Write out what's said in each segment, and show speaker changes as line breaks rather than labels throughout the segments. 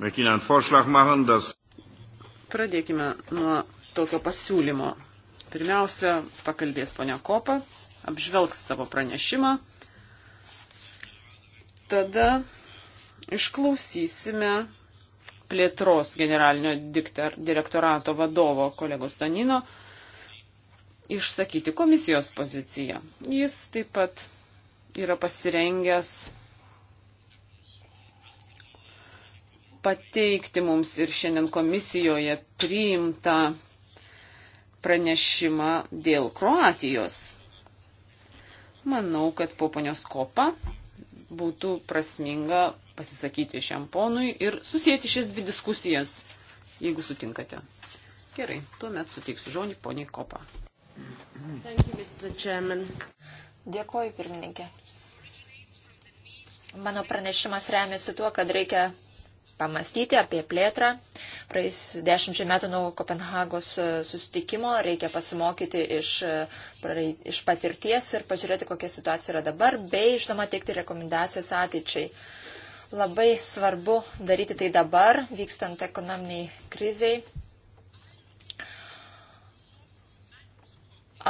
Pradėkime
nuo tokio pasiūlymo. Pirmiausia, pakalbės ponia Kopa, apžvelgs savo pranešimą. Tada išklausysime plėtros generalinio diktar, direktorato vadovo kolegos Sanino išsakyti komisijos poziciją. Jis taip pat yra pasirengęs pateikti mums ir šiandien komisijoje priimtą pranešimą dėl Kroatijos. Manau, kad po ponios kopa būtų prasminga pasisakyti šiam ponui ir susijęti šias dvi diskusijas, jeigu sutinkate. Gerai, tuomet sutiksiu žodį poniai Kopa.
Dėkuoju, pirmininkė. Mano pranešimas remiasi tuo, kad reikia pamastyti apie plėtrą. Praeis dešimčiai metų nuo Kopenhagos e, susitikimo reikia pasimokyti iš, e, iš patirties ir pažiūrėti, kokia situacija yra dabar, bei, žinoma, teikti rekomendacijas ateičiai. Labai svarbu daryti tai dabar, vykstant ekonominiai kriziai.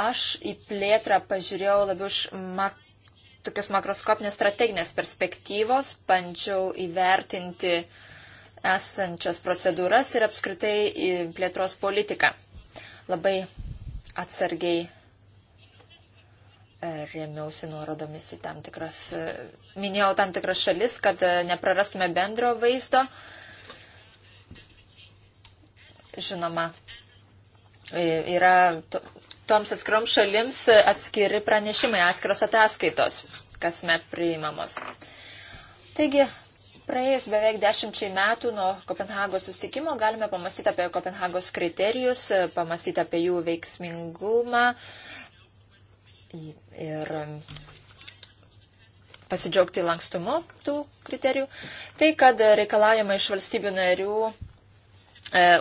Aš į plėtrą pažiūrėjau labiau iš mak tokios makroskopinės strateginės perspektyvos, bandžiau įvertinti uh, esančias procedūras ir apskritai plėtros politiką. Labai atsargiai e, remiausi nuorodomis į tam tikras, e, minėjau tam tikras šalis, kad e, neprarastume bendro vaizdo. Žinoma, yra to, toms atskirom šalims atskiri pranešimai, atskiros ataskaitos kasmet priimamos. Taigi, Praėjus beveik dešimčiai metų nuo Kopenhagos sustikimo galime pamastyti apie Kopenhagos kriterijus, pamastyti apie jų veiksmingumą ir pasidžiaugti lankstumu tų kriterijų. Tai, kad reikalaujama iš valstybių narių e,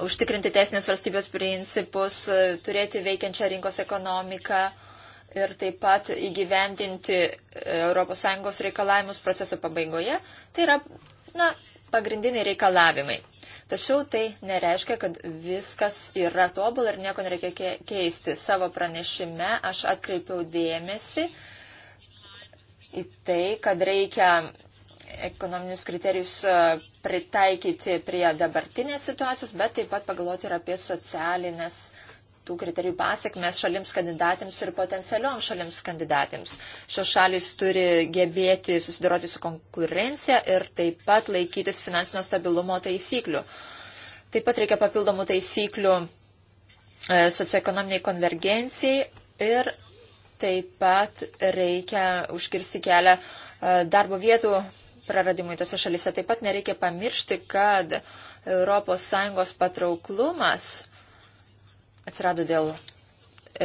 užtikrinti teisinės valstybės principus, e, turėti veikiančią rinkos ekonomiką, ir taip pat įgyvendinti ES reikalavimus proceso pabaigoje. Tai yra Na, pagrindiniai reikalavimai. Tačiau tai nereiškia, kad viskas yra tobul ir nieko nereikia keisti. Savo pranešime aš atkreipiau dėmesį į tai, kad reikia ekonominius kriterijus e, pritaikyti prie dabartinės situacijos, bet taip pat pagalvoti ir apie socialinės tų kriterijų pasiekmes šalims kandidatėms ir potencialioms šalims kandidatėms. Šios šalis turi gebėti susidoroti su konkurencija ir taip pat laikytis finansinio stabilumo taisyklių. Taip pat reikia papildomų taisyklių e, socioekonominiai konvergencijai ir taip pat reikia užkirsti kelią e, darbo vietų praradimui tose šalise. Taip pat nereikia pamiršti, kad ES patrauklumas atsirado dėl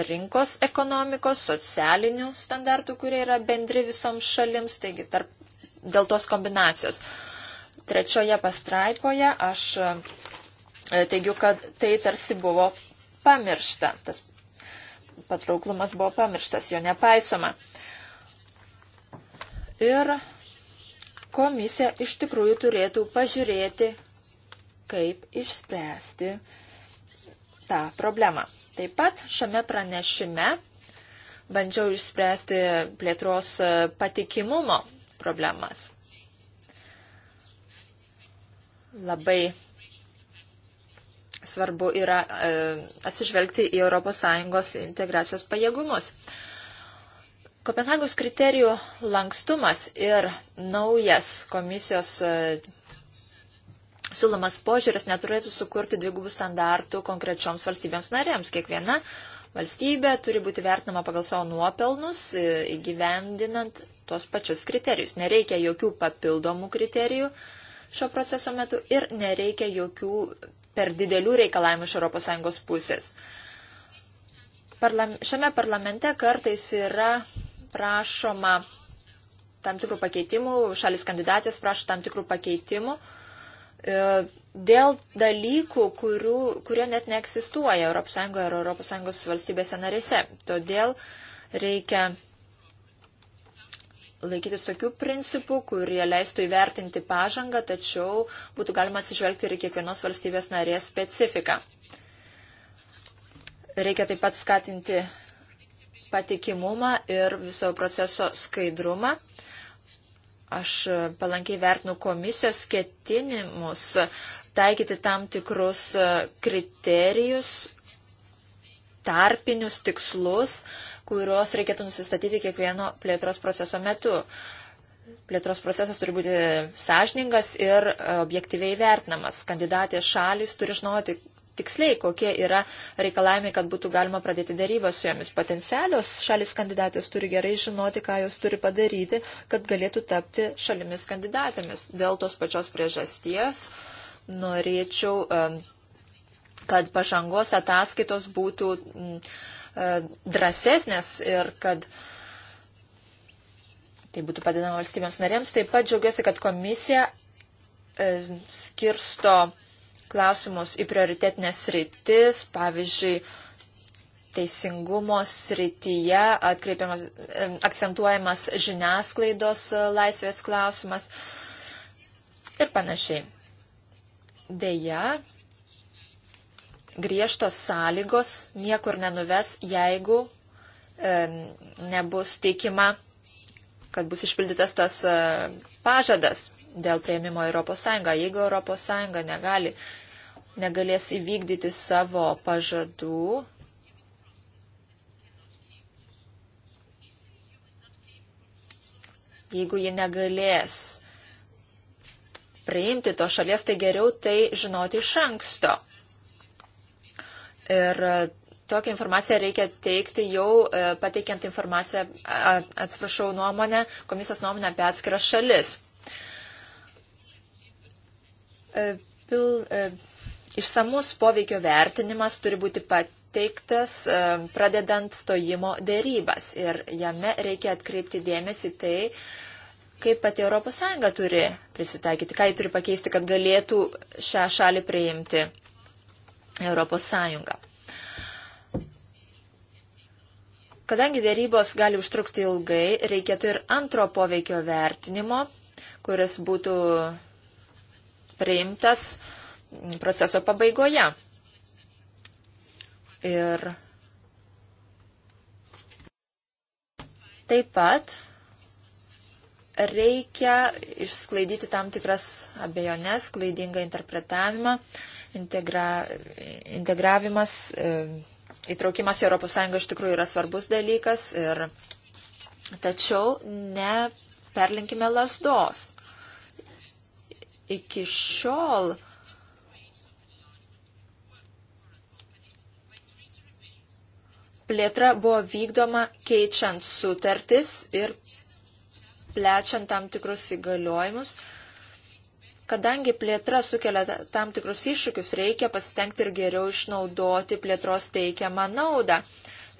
rinkos ekonomikos, socialinių standartų, kurie yra bendri visoms šalims, taigi tarp, dėl tos kombinacijos. Trečioje pastraipoje aš e, teigiu, kad tai tarsi buvo pamiršta, tas patrauklumas buvo pamirštas, jo nepaisoma. Ir komisija iš tikrųjų turėtų pažiūrėti, kaip išspręsti uh, tą problemą. Taip pat šiame pranešime bandžiau išspręsti plėtros patikimumo problemas. Labai svarbu yra e, atsižvelgti į ES integracijos pajėgumus. Kopenhagos kriterijų lankstumas ir naujas komisijos e, siūlomas požiūris neturėtų sukurti dvigubų standartų konkrečioms valstybėms narėms. Kiekviena valstybė turi būti vertinama pagal savo nuopelnus, e, įgyvendinant tuos pačius kriterijus. Nereikia jokių papildomų kriterijų šio proceso metu ir nereikia jokių per didelių reikalavimų iš ES pusės. Parlam, šiame parlamente kartais yra prašoma tam tikrų pakeitimų, šalis kandidatės prašo tam tikrų pakeitimų, uh, E, dėl dalykų, kurių, kurie net neegzistuoja ES ar ES valstybėse narėse. Todėl reikia laikytis tokių principų, kurie leistų įvertinti pažangą, tačiau būtų galima atsižvelgti ir kiekvienos valstybės narės specifiką. Reikia taip pat skatinti patikimumą ir viso proceso skaidrumą. Aš palankiai vertinu komisijos ketinimus taikyti tam tikrus kriterijus, tarpinius tikslus, kuriuos reikėtų nusistatyti kiekvieno plėtros proceso metu. Plėtros procesas turi būti sąžiningas ir objektyviai vertinamas. Kandidatės šalis turi žinoti, tiksliai, kokie yra reikalavimai, kad būtų galima pradėti dėrybą su jomis. Potencialios šalis kandidatės turi gerai žinoti, ką jos turi padaryti, kad galėtų tapti šalimis kandidatėmis. Dėl tos pačios priežasties norėčiau, kad pažangos ataskaitos būtų e, drąsesnės ir kad tai būtų padedama valstybėms narėms. Taip pat džiaugiuosi, kad komisija skirsto klausimus į prioritetinės sritis, pavyzdžiui, teisingumo srityje akcentuojamas žiniasklaidos e, laisvės klausimas ir panašiai. Deja, griežtos sąlygos niekur nenuves, jeigu e, nebus teikima, kad bus išpildytas tas e, pažadas dėl prieimimo Europos Sąjungą. Jeigu Europos Sąjunga negali negalės įvykdyti savo pažadų. Jeigu ji negalės priimti to šalies, tai geriau tai žinoti iš anksto. Ir e, tokią informaciją reikia teikti jau e, pateikiant informaciją, atsiprašau, nuomonę, komisijos nuomonę apie atskiras šalis. E, pil, Išsamus poveikio vertinimas turi būti pateiktas e, pradedant stojimo dėrybas ir jame reikia atkreipti dėmesį tai, kaip pati ES turi prisitaikyti, ką ji turi pakeisti, kad galėtų šią šalį priimti ES. Kadangi dėrybos gali užtrukti ilgai, reikėtų ir antro poveikio vertinimo, kuris būtų priimtas uh, proceso pabaigoje. Ir taip pat reikia išsklaidyti tam tikras abejonės, klaidingą interpretavimą, integra, integravimas, e, įtraukimas į ES iš tikrųjų yra svarbus dalykas, ir, tačiau neperlinkime lasdos. Iki šiol plėtra buvo vykdoma keičiant sutartis ir plečiant tam tikrus įgaliojimus. Kadangi plėtra sukelia tam tikrus iššūkius, reikia pasistengti ir geriau išnaudoti plėtros teikiamą naudą.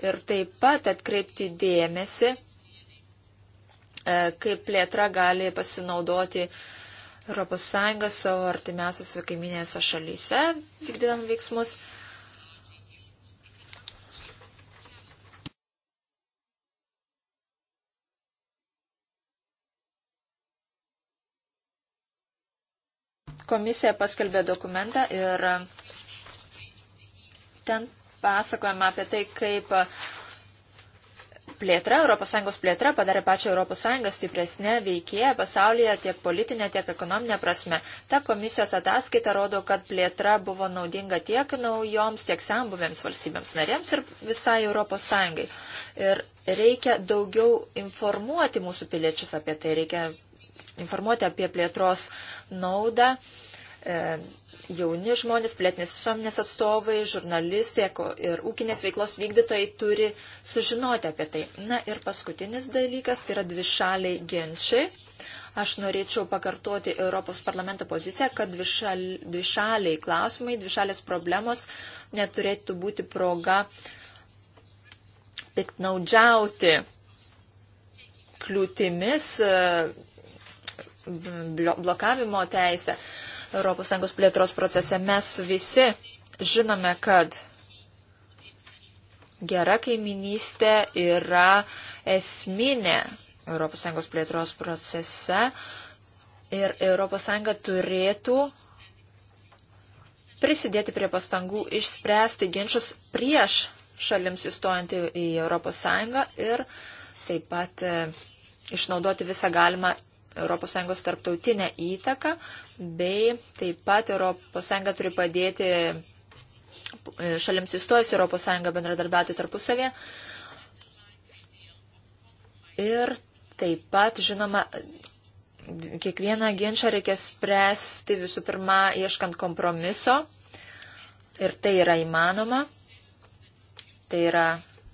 Ir taip pat atkreipti dėmesį, e, kaip plėtra gali pasinaudoti ES savo artimiausiose kaiminėse šalyse, vykdydama veiksmus. Komisija paskelbė dokumentą ir ten pasakojama apie tai, kaip plėtra, ES plėtra padarė pačią ES stipresnę veikėją pasaulyje tiek politinė, tiek ekonominė prasme. Ta komisijos ataskaita rodo, kad plėtra buvo naudinga tiek naujoms, tiek sambuvėms valstybėms narėms ir visai ES. Ir reikia daugiau informuoti mūsų piliečius apie tai, reikia informuoti apie plėtros naudą. E, jauni žmonės, plėtinės visuomenės atstovai, žurnalistai ir ūkinės veiklos vykdytojai turi sužinoti apie tai. Na ir paskutinis dalykas tai yra dvišaliai ginčiai. Aš norėčiau pakartoti Europos parlamento poziciją, kad dvišaliai, dvišaliai klausimai, dvišalės problemos neturėtų būti proga piktnaudžiauti kliūtimis e, blokavimo teisę ES plėtros procese, mes visi žinome, kad gera kaiminystė yra esminė ES plėtros procese ir ES turėtų prisidėti prie pastangų išspręsti ginčius prieš šalims įstojant į ES ir taip pat e, išnaudoti visą galimą ES tarptautinę įtaką, bei taip pat ES turi padėti e, šalims įstojus ES bendradarbiauti tarpusavėje. Ir taip pat, žinoma, kiekvieną ginčą reikia spręsti visų pirma ieškant kompromiso. Ir tai yra įmanoma. Tai yra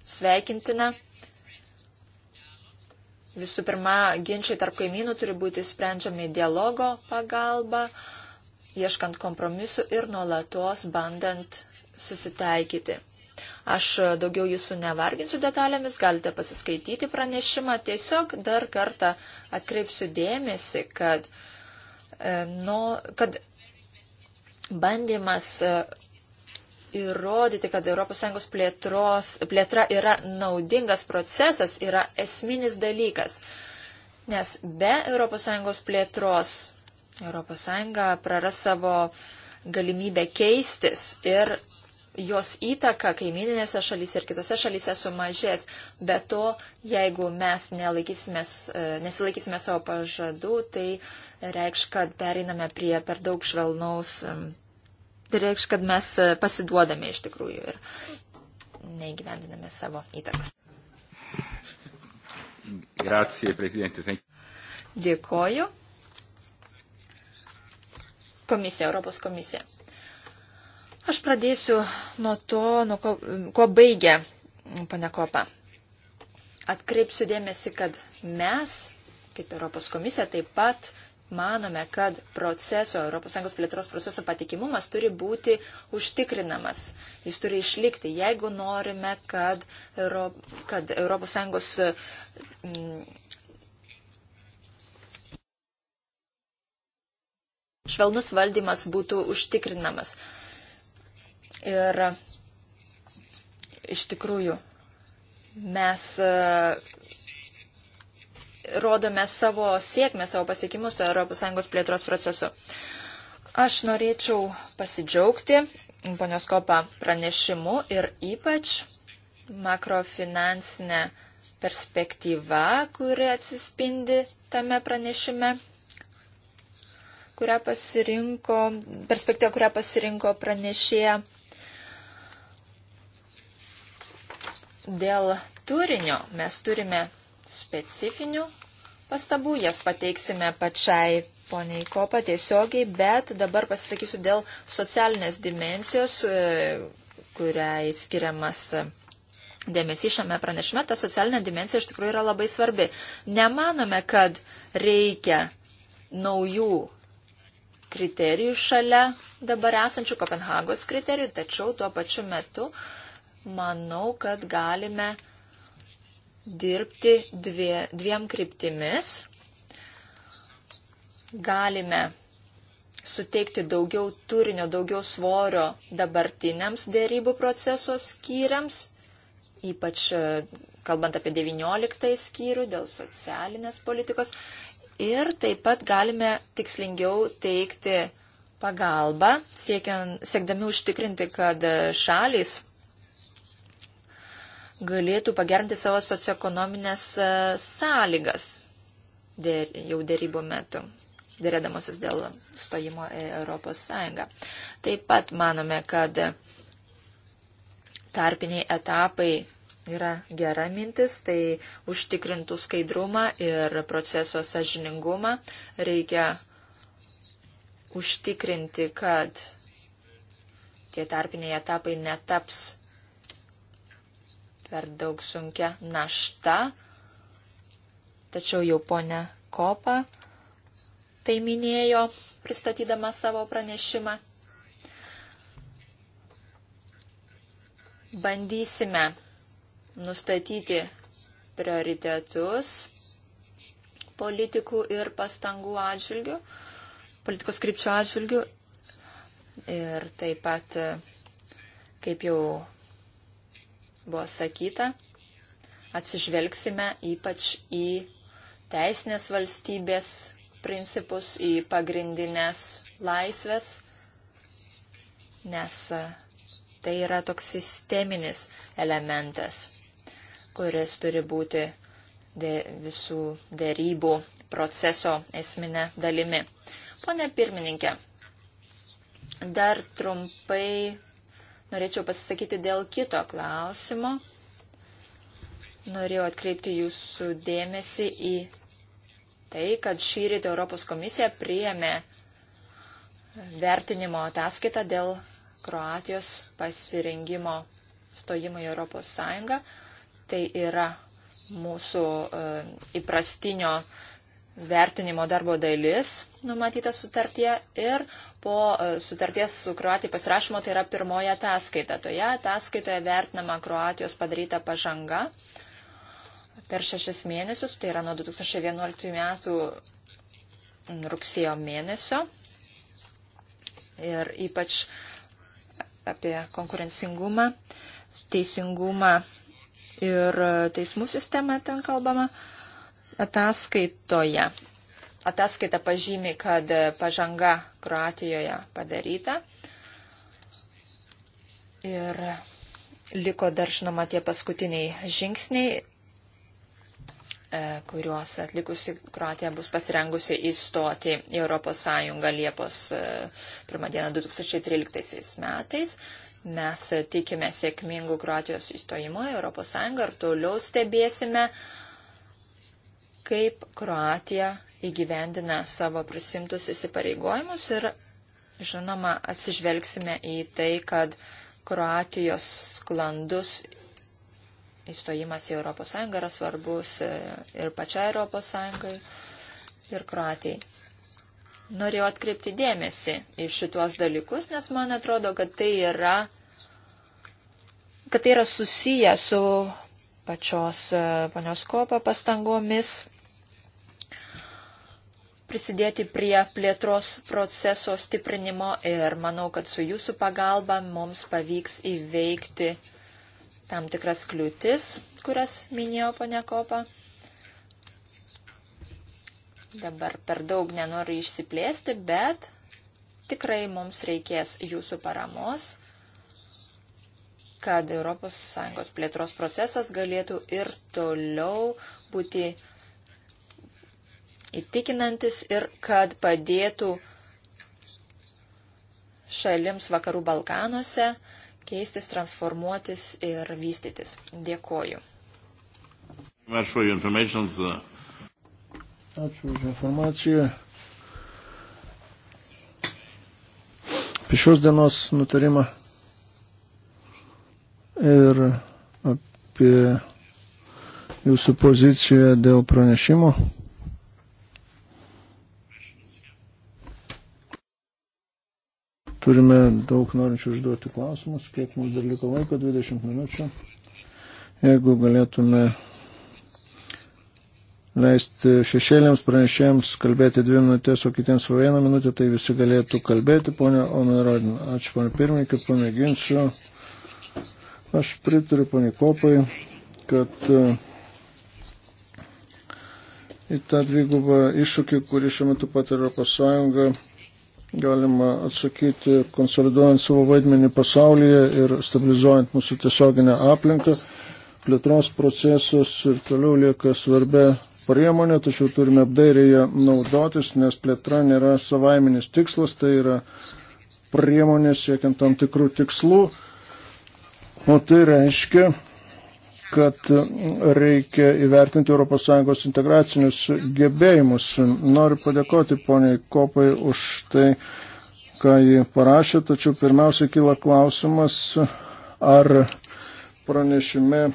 sveikintina. Visų pirma, ginčiai tarp kaimynų turi būti sprendžiami dialogo pagalba, ieškant kompromisų ir nuolatos bandant susitaikyti. Aš daugiau jūsų nevarginsiu detalėmis, galite pasiskaityti pranešimą, tiesiog dar kartą atkreipsiu dėmesį, kad, e, nu, kad bandymas e, įrodyti, kad ES plėtros, plėtra yra naudingas procesas, yra esminis dalykas. Nes be ES plėtros ES praras savo galimybę keistis ir jos įtaka kaimininėse šalyse ir kitose šalyse sumažės. Be to, jeigu mes e, nesilaikysime savo pažadų, tai reikš, kad pereiname prie per daug švelnaus tai reikš, kad mes e, pasiduodame iš tikrųjų ir neįgyvendiname savo įtakos.
Grazie,
prezidentė.
Dėkoju. Komisija, Europos komisija. Aš pradėsiu nuo to, nuo ko, ko baigė pane Kopa. Atkreipsiu dėmesį, kad mes, kaip Europos komisija, taip pat manome, kad proceso, ES plėtros proceso patikimumas turi būti užtikrinamas. Jis turi išlikti, jeigu norime, kad, Euro, kad ES. Mm, švelnus valdymas būtų užtikrinamas. Ir iš tikrųjų mes rodome savo sėkmę, savo pasiekimus to ES plėtros procesu. Aš norėčiau pasidžiaugti ponios Kopa pranešimu ir ypač makrofinansinę perspektyvą, kuri atsispindi tame pranešime, kurią pasirinko, perspektyvą, kurią pasirinko pranešėja dėl turinio. Mes turime specifinių pastabų, jas pateiksime pačiai poniai Kopa tiesiogiai, bet dabar pasisakysiu dėl socialinės dimensijos, e, kuriai skiriamas dėmesys šiame pranešime. Ta socialinė dimensija iš tikrųjų yra labai svarbi. Nemanome, kad reikia naujų kriterijų šalia dabar esančių Kopenhagos kriterijų, tačiau tuo pačiu metu manau, kad galime uh, dirbti dvie, dviem kryptimis. Galime suteikti daugiau turinio, daugiau svorio dabartiniams dėrybų proceso skyriams, ypač e, kalbant apie 19 skyrių dėl socialinės politikos. Ir taip pat galime tikslingiau teikti pagalbą, siekiant, siekdami užtikrinti, kad šalis galėtų pagerinti savo socioekonominės e, sąlygas dėr, jau dėrybo metu, dėrėdamosis dėl stojimo į Europos Sąjungą. Taip pat manome, kad tarpiniai etapai yra gera mintis, tai užtikrintų skaidrumą ir proceso sažiningumą. Reikia užtikrinti, kad tie tarpiniai etapai netaps per daug sunkia našta. Tačiau jau ponia Kopa tai minėjo, pristatydama savo pranešimą. Bandysime nustatyti prioritetus politikų ir pastangų atžvilgių, politikos krypčių atžvilgių ir taip pat, kaip jau buvo sakyta, atsižvelgsime ypač į teisinės valstybės principus, į pagrindinės laisvės, nes tai yra toks sisteminis elementas, kuris turi būti dė, visų dėrybų proceso esminė dalimi. Pone pirmininkė, dar trumpai Norėčiau pasisakyti dėl kito klausimo. Norėjau atkreipti jūsų dėmesį į tai, kad šį rytį Europos komisija priėmė vertinimo ataskaitą dėl Kroatijos pasirengimo stojimo į Europos Sąjungą. Tai yra mūsų e, įprastinio uh, vertinimo darbo dalis numatyta sutartie ir po e, sutarties su Kroatija pasirašymo tai yra pirmoji ataskaita. Toje ataskaitoje vertinama Kroatijos padaryta pažanga per šešis mėnesius, tai yra nuo 2011 metų rugsėjo mėnesio. Ir ypač apie konkurencingumą, teisingumą ir teismų sistemą ten kalbama. Ataskaitoje. Ataskaita pažymi, kad pažanga Kroatijoje padaryta. Ir liko dar žinoma tie paskutiniai žingsniai, e, kuriuos atlikusi Kroatija bus pasirengusi įstoti į Europos Sąjungą Liepos 1 e, dieną 2013 metais. Mes tikime sėkmingų Kroatijos įstojimo į Europos Sąjungą ir toliau stebėsime uh, kaip Kroatija įgyvendina savo prisimtus įsipareigojimus ir, žinoma, atsižvelgsime į tai, kad Kroatijos sklandus įstojimas į ES yra svarbus e, ir pačiai ES ir Kroatijai. Norėjau atkreipti dėmesį į šituos dalykus, nes man atrodo, kad tai yra, kad tai yra susiję su pačios e, panios kopa pastangomis prisidėti prie plėtros proceso stiprinimo ir manau, kad su jūsų pagalba mums pavyks įveikti tam tikras kliūtis, kurias minėjo ponia Kopa. Dabar per daug nenoriu išsiplėsti, bet tikrai mums reikės jūsų paramos, kad ES plėtros procesas galėtų ir toliau būti įtikinantis ir kad padėtų šalims vakarų Balkanuose keistis, transformuotis ir vystytis. Dėkoju.
Ačiū už informaciją. Apie šios dienos nutarimą ir apie jūsų poziciją dėl pranešimo. Turime daug norinčių užduoti klausimus, kiek mums dar liko laiko, 20 minučių. Jeigu galėtume leisti šešėliams pranešėjams kalbėti dvi minutės, o kitiems po vieną minutę, tai visi galėtų kalbėti, ponia Omerodin. Ačiū, ponia pirmininkė, pamėginsiu. Aš pritariu ponia Kopai, kad e, į tą dvigubą iššūkį, kurį šiuo metu patiria Europos Sąjunga, galima atsakyti, konsoliduojant savo vaidmenį pasaulyje ir stabilizuojant mūsų tiesioginę aplinką. Plėtros procesas ir toliau lieka svarbia priemonė, tačiau turime apdairiai ją naudotis, nes plėtra nėra savaiminis tikslas, tai yra priemonė siekiant tam tikrų tikslų. O tai reiškia, kad reikia įvertinti ES integracinius gebėjimus. Noriu padėkoti poniai Kopai už tai, ką jį parašė, tačiau pirmiausia kyla klausimas, ar pranešime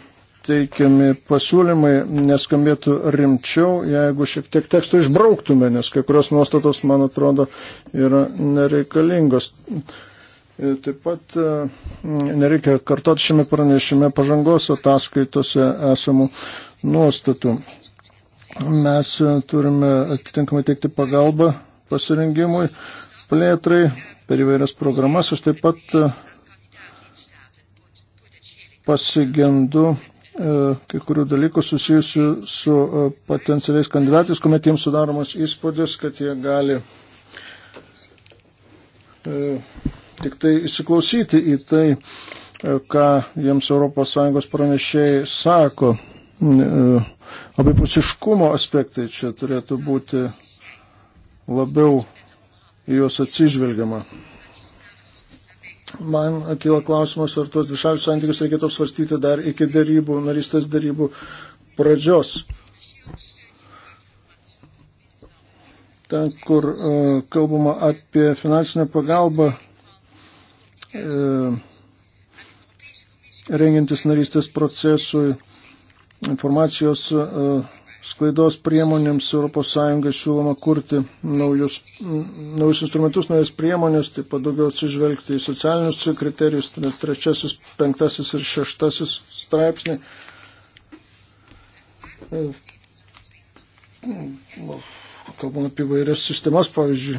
teikiami pasiūlymai neskambėtų rimčiau, jeigu šiek tiek teksto išbrauktume, nes kai kurios nuostatos, man atrodo, yra nereikalingos. Taip pat e, nereikia kartot šiame pranešime pažangos ataskaitose esamų nuostatų. Mes e, turime atitinkamai teikti pagalbą pasirengimui, plėtrai per įvairias programas. Aš taip pat e, pasigendu kai kurių dalykų susijusių su potencialiais kandidatais, kuomet jiems sudaromas įspūdis, kad jie gali tik tai įsiklausyti į tai, e, ką jiems ES pranešėjai sako. E, abipusiškumo aspektai čia turėtų būti labiau į juos atsižvelgiama. Man kyla klausimas, ar tuos dvišalius santykius reikėtų apsvarstyti dar iki darybų, narystės darybų pradžios. Ten, kur uh, kalbama apie finansinę pagalbą E, rengintis narystės procesui informacijos e, sklaidos priemonėms ES siūloma kurti naujus, naujus instrumentus, naujas priemonės, taip pat daugiau atsižvelgti į socialinius kriterijus, tai trečiasis, penktasis ir šeštasis straipsnį. E, nu, kalbam apie vairias sistemas, pavyzdžiui,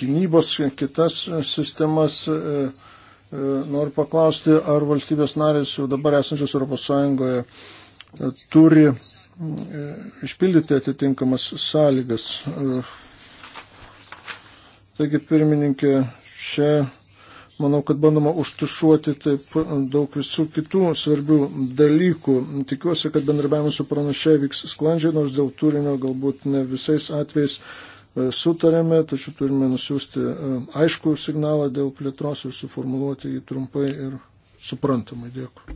gynybos, kitas sistemas. E, E, noriu paklausti, ar valstybės narės jau dabar esančios ES e, turi e, išpildyti atitinkamas sąlygas. Taigi, pirmininkė, čia manau, kad bandoma užtušuoti taip daug visų kitų svarbių dalykų. Tikiuosi, kad bendrabiavimas su pranašė vyks sklandžiai, nors dėl turinio galbūt ne visais atvejais E, sutarėme, tačiau turime nusiųsti e, aišku signalą dėl plėtros ir suformuluoti jį trumpai ir suprantamai. Dėkui.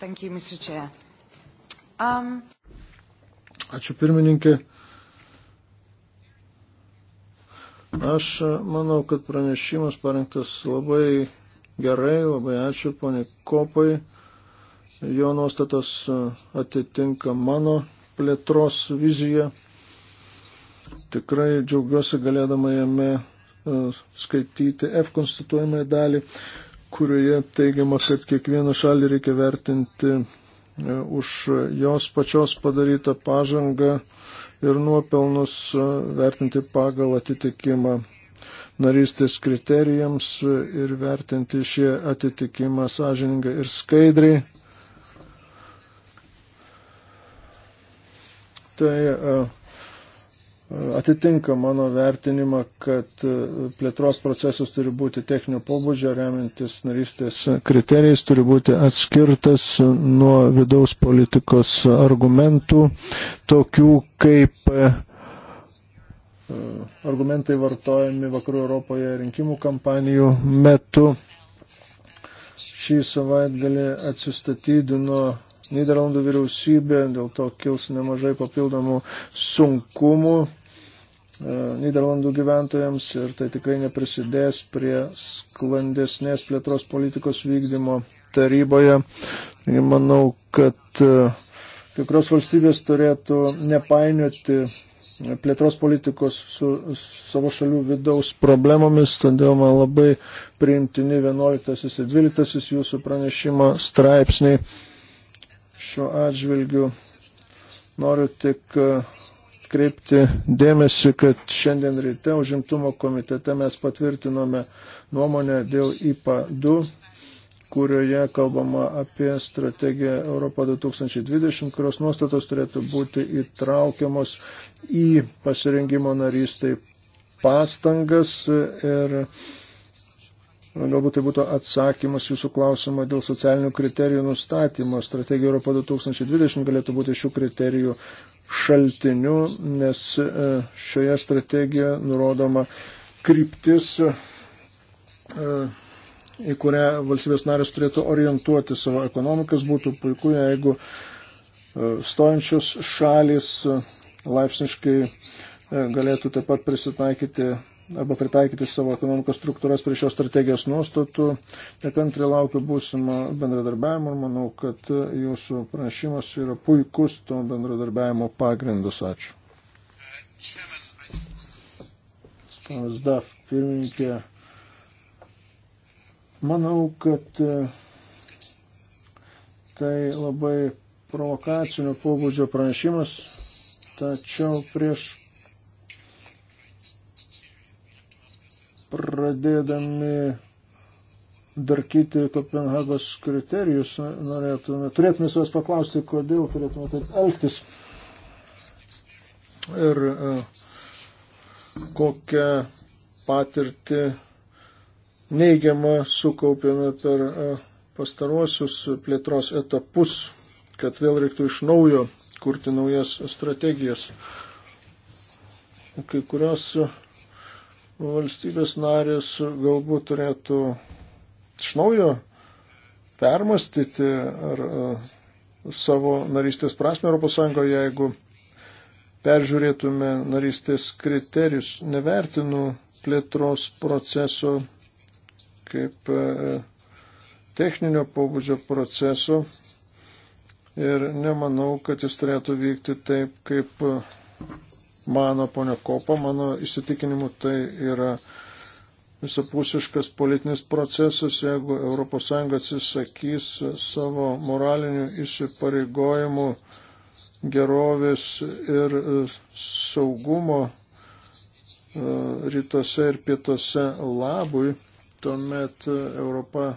Thank you, Mr. Chair. Um...
Ačiū pirmininkė. Aš e, manau, kad pranešimas parengtas labai gerai, labai ačiū poniai Kopai. Jo nuostatas atitinka mano plėtros viziją. Tikrai džiaugiuosi galėdama jame e, skaityti F konstituojamąją dalį, kurioje teigiama, kad kiekvieną šalį reikia vertinti e, už jos pačios padarytą pažangą ir nuopelnus e, vertinti pagal atitikimą narystės kriterijams ir vertinti šį atitikimą sąžiningai ir skaidriai. tai e, atitinka mano vertinimą, kad e, plėtros procesas turi būti techninio pobūdžio, remintis narystės kriterijais, turi būti atskirtas nuo vidaus politikos argumentų, tokių kaip e, argumentai vartojami Vakarų Europoje rinkimų kampanijų metu. Šį savaitgalį atsistatydino Niderlandų vyriausybė, dėl to kils nemažai papildomų sunkumų e, Niderlandų gyventojams ir tai tikrai neprisidės prie sklandesnės plėtros politikos vykdymo taryboje. Ir manau, kad e, kai kurios valstybės turėtų nepainioti plėtros politikos su savo šalių vidaus problemomis, todėl man labai priimtini 11 ir 12 jūsų pranešimo straipsniai šiuo atžvilgiu. Noriu tik e, kreipti dėmesį, kad šiandien ryte užimtumo komitete mes patvirtinome nuomonę dėl IPA 2 kurioje kalbama apie strategiją Europą 2020, kurios nuostatos turėtų būti įtraukiamos į pasirengimo narystai pastangas ir Galbūt tai būtų atsakymas jūsų klausimą dėl socialinių kriterijų nustatymo. Strategija Europa 2020 galėtų būti šių kriterijų šaltiniu, nes e, šioje strategijoje nurodoma kryptis, e, į kurią valstybės narės turėtų orientuoti savo ekonomikas. Būtų puiku, jeigu e, stojančios šalis laipsniškai galėtų taip pat prisitaikyti arba pritaikyti savo ekonomikos struktūras prie šios strategijos nuostatų. Nekantri laukiu būsimo bendradarbiavimo ir manau, kad jūsų pranešimas yra puikus to bendradarbiavimo pagrindas. Ačiū. Panas Daf, pirmininkė. Manau, kad e, tai labai provokacinio pobūdžio pranešimas, tačiau prieš pradėdami darkyti Kopenhagos kriterijus, norėtume, turėtume savęs paklausti, kodėl turėtume taip elgtis ir e, kokią patirtį neigiamą sukaupėme per e, pastaruosius plėtros etapus, kad vėl reiktų iš naujo kurti naujas strategijas. Kai kurios valstybės narės galbūt turėtų iš naujo permastyti ar a, e, savo narystės prasme ES, jeigu peržiūrėtume narystės kriterijus, nevertinu plėtros proceso kaip a, e, techninio pobūdžio proceso ir nemanau, kad jis turėtų vykti taip, kaip mano ponia Kopa, mano įsitikinimu tai yra visapusiškas politinis procesas, jeigu ES atsisakys savo moralinių įsipareigojimų gerovės ir e, saugumo e, rytuose ir pietuose labui, tuomet e, Europa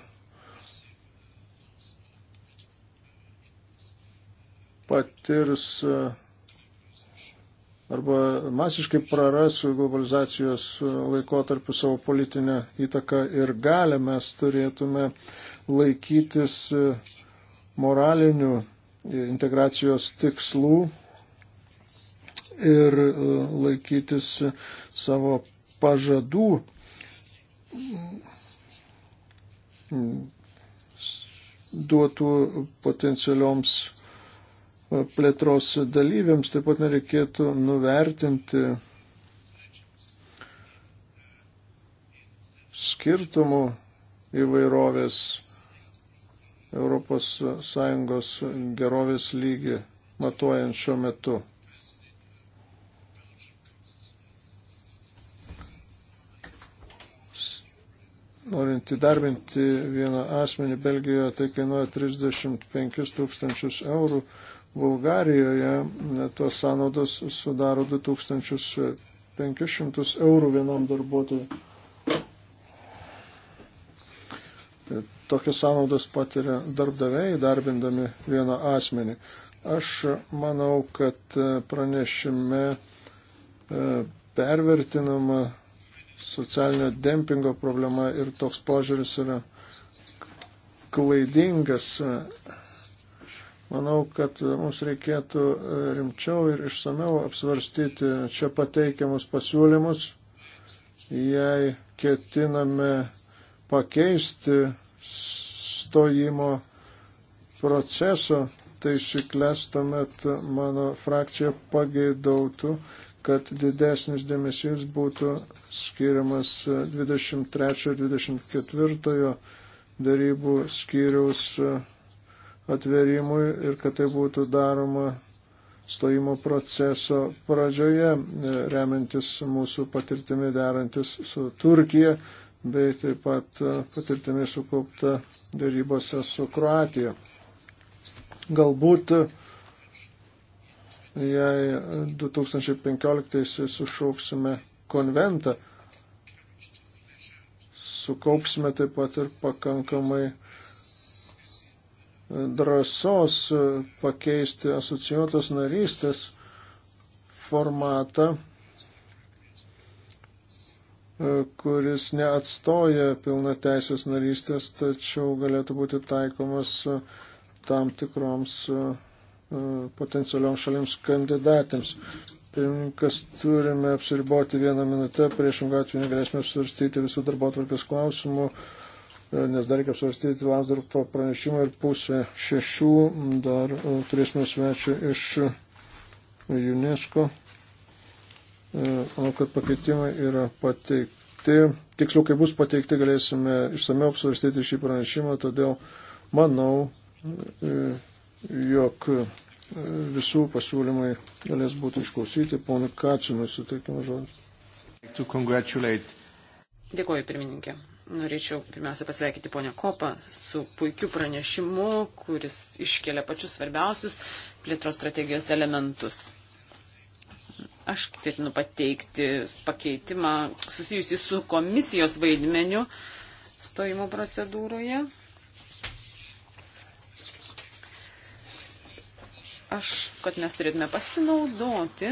patirs uh, arba masiškai praras globalizacijos laikotarpiu savo politinę įtaką ir galę, mes turėtume laikytis moralinių integracijos tikslų ir e, laikytis savo pažadų mm. duotų potencialioms plėtros dalyviams, taip pat nereikėtų nuvertinti skirtumų įvairovės ES gerovės lygį matuojant šiuo metu. Norint įdarbinti vieną asmenį Belgijoje, tai kainuoja 35 tūkstančius eurų, Bulgarijoje tos sąnaudos sudaro 2500 eurų vienam darbuotojui. Tai Tokios sąnaudos patiria darbdaviai, darbindami vieną asmenį. Aš manau, kad e, pranešime e, pervertinama socialinio dempingo problema ir toks požiūris yra klaidingas Manau, kad mums reikėtų e, rimčiau ir išsameu apsvarstyti čia pateikiamus pasiūlymus, jei ketiname pakeisti stojimo proceso taisyklės, tuomet mano frakcija pageidautų, kad didesnis dėmesys būtų skiriamas 23 ir 24 darybų skyriaus atverimui ir kad tai būtų daroma stojimo proceso pradžioje, e, remiantis mūsų patirtimi derantis su Turkija, bei taip pat e, patirtimi sukaupta darybose su Kroatija. Galbūt, e, jei 2015 sušauksime konventą, sukaupsime taip pat ir pakankamai drąsos e, pakeisti asocijuotos narystės formatą, e, kuris neatstoja pilna teisės narystės, tačiau galėtų būti taikomas e, tam tikroms potencialioms šalims kandidatėms. Pirmininkas, turime apsiriboti vieną minutę, priešingą atveju negalėsime svarstyti visų darbo atvarkės klausimų. E, nes dar reikia apsvarstyti Lamsdorfo pranešimą ir pusę šešių dar e, turėsime svečią iš UNESCO. E, manau, kad pakeitimai yra pateikti. Tiksliau, kai bus pateikti, galėsime išsameu apsvarstyti šį pranešimą, todėl manau, jog visų pasiūlymai galės būti išklausyti. Ponui Kacinui suteikimas žodis. Dėkuoju,
pirmininkė. Norėčiau pirmiausia pasveikinti ponę Kopą su puikiu pranešimu, kuris iškelia pačius svarbiausius plėtros strategijos elementus. Aš ketinu pateikti pakeitimą susijusį su komisijos vaidmeniu stojimo procedūroje. Aš, kad mes turėtume pasinaudoti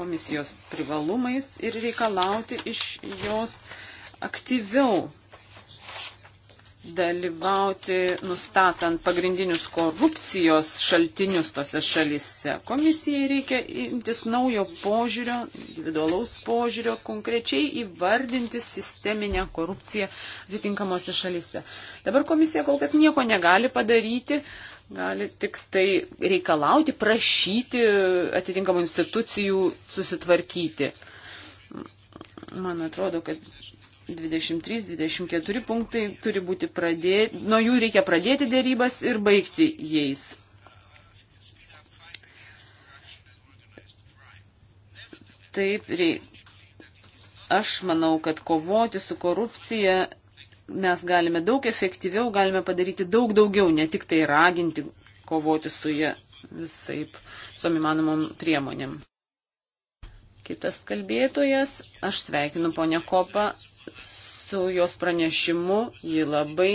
komisijos privalumais ir reikalauti iš jos uh, aktyviau dalyvauti nustatant pagrindinius korupcijos šaltinius tose šalise. Komisijai reikia imtis naujo požiūrio, individualaus požiūrio, konkrečiai įvardinti sisteminę korupciją atitinkamose šalise. Dabar komisija kol kas nieko negali padaryti, gali tik tai reikalauti, prašyti atitinkamų institucijų susitvarkyti. Man atrodo, kad 23-24 punktai turi būti pradėti, nuo jų reikia pradėti dėrybas ir baigti jais. Taip, rei... aš manau, kad kovoti su korupcija mes galime daug efektyviau, galime padaryti daug daugiau, ne tik tai raginti kovoti su ja visai visom įmanomom priemonėm. Kitas kalbėtojas, aš sveikinu ponę Kopą su jos pranešimu, ji labai,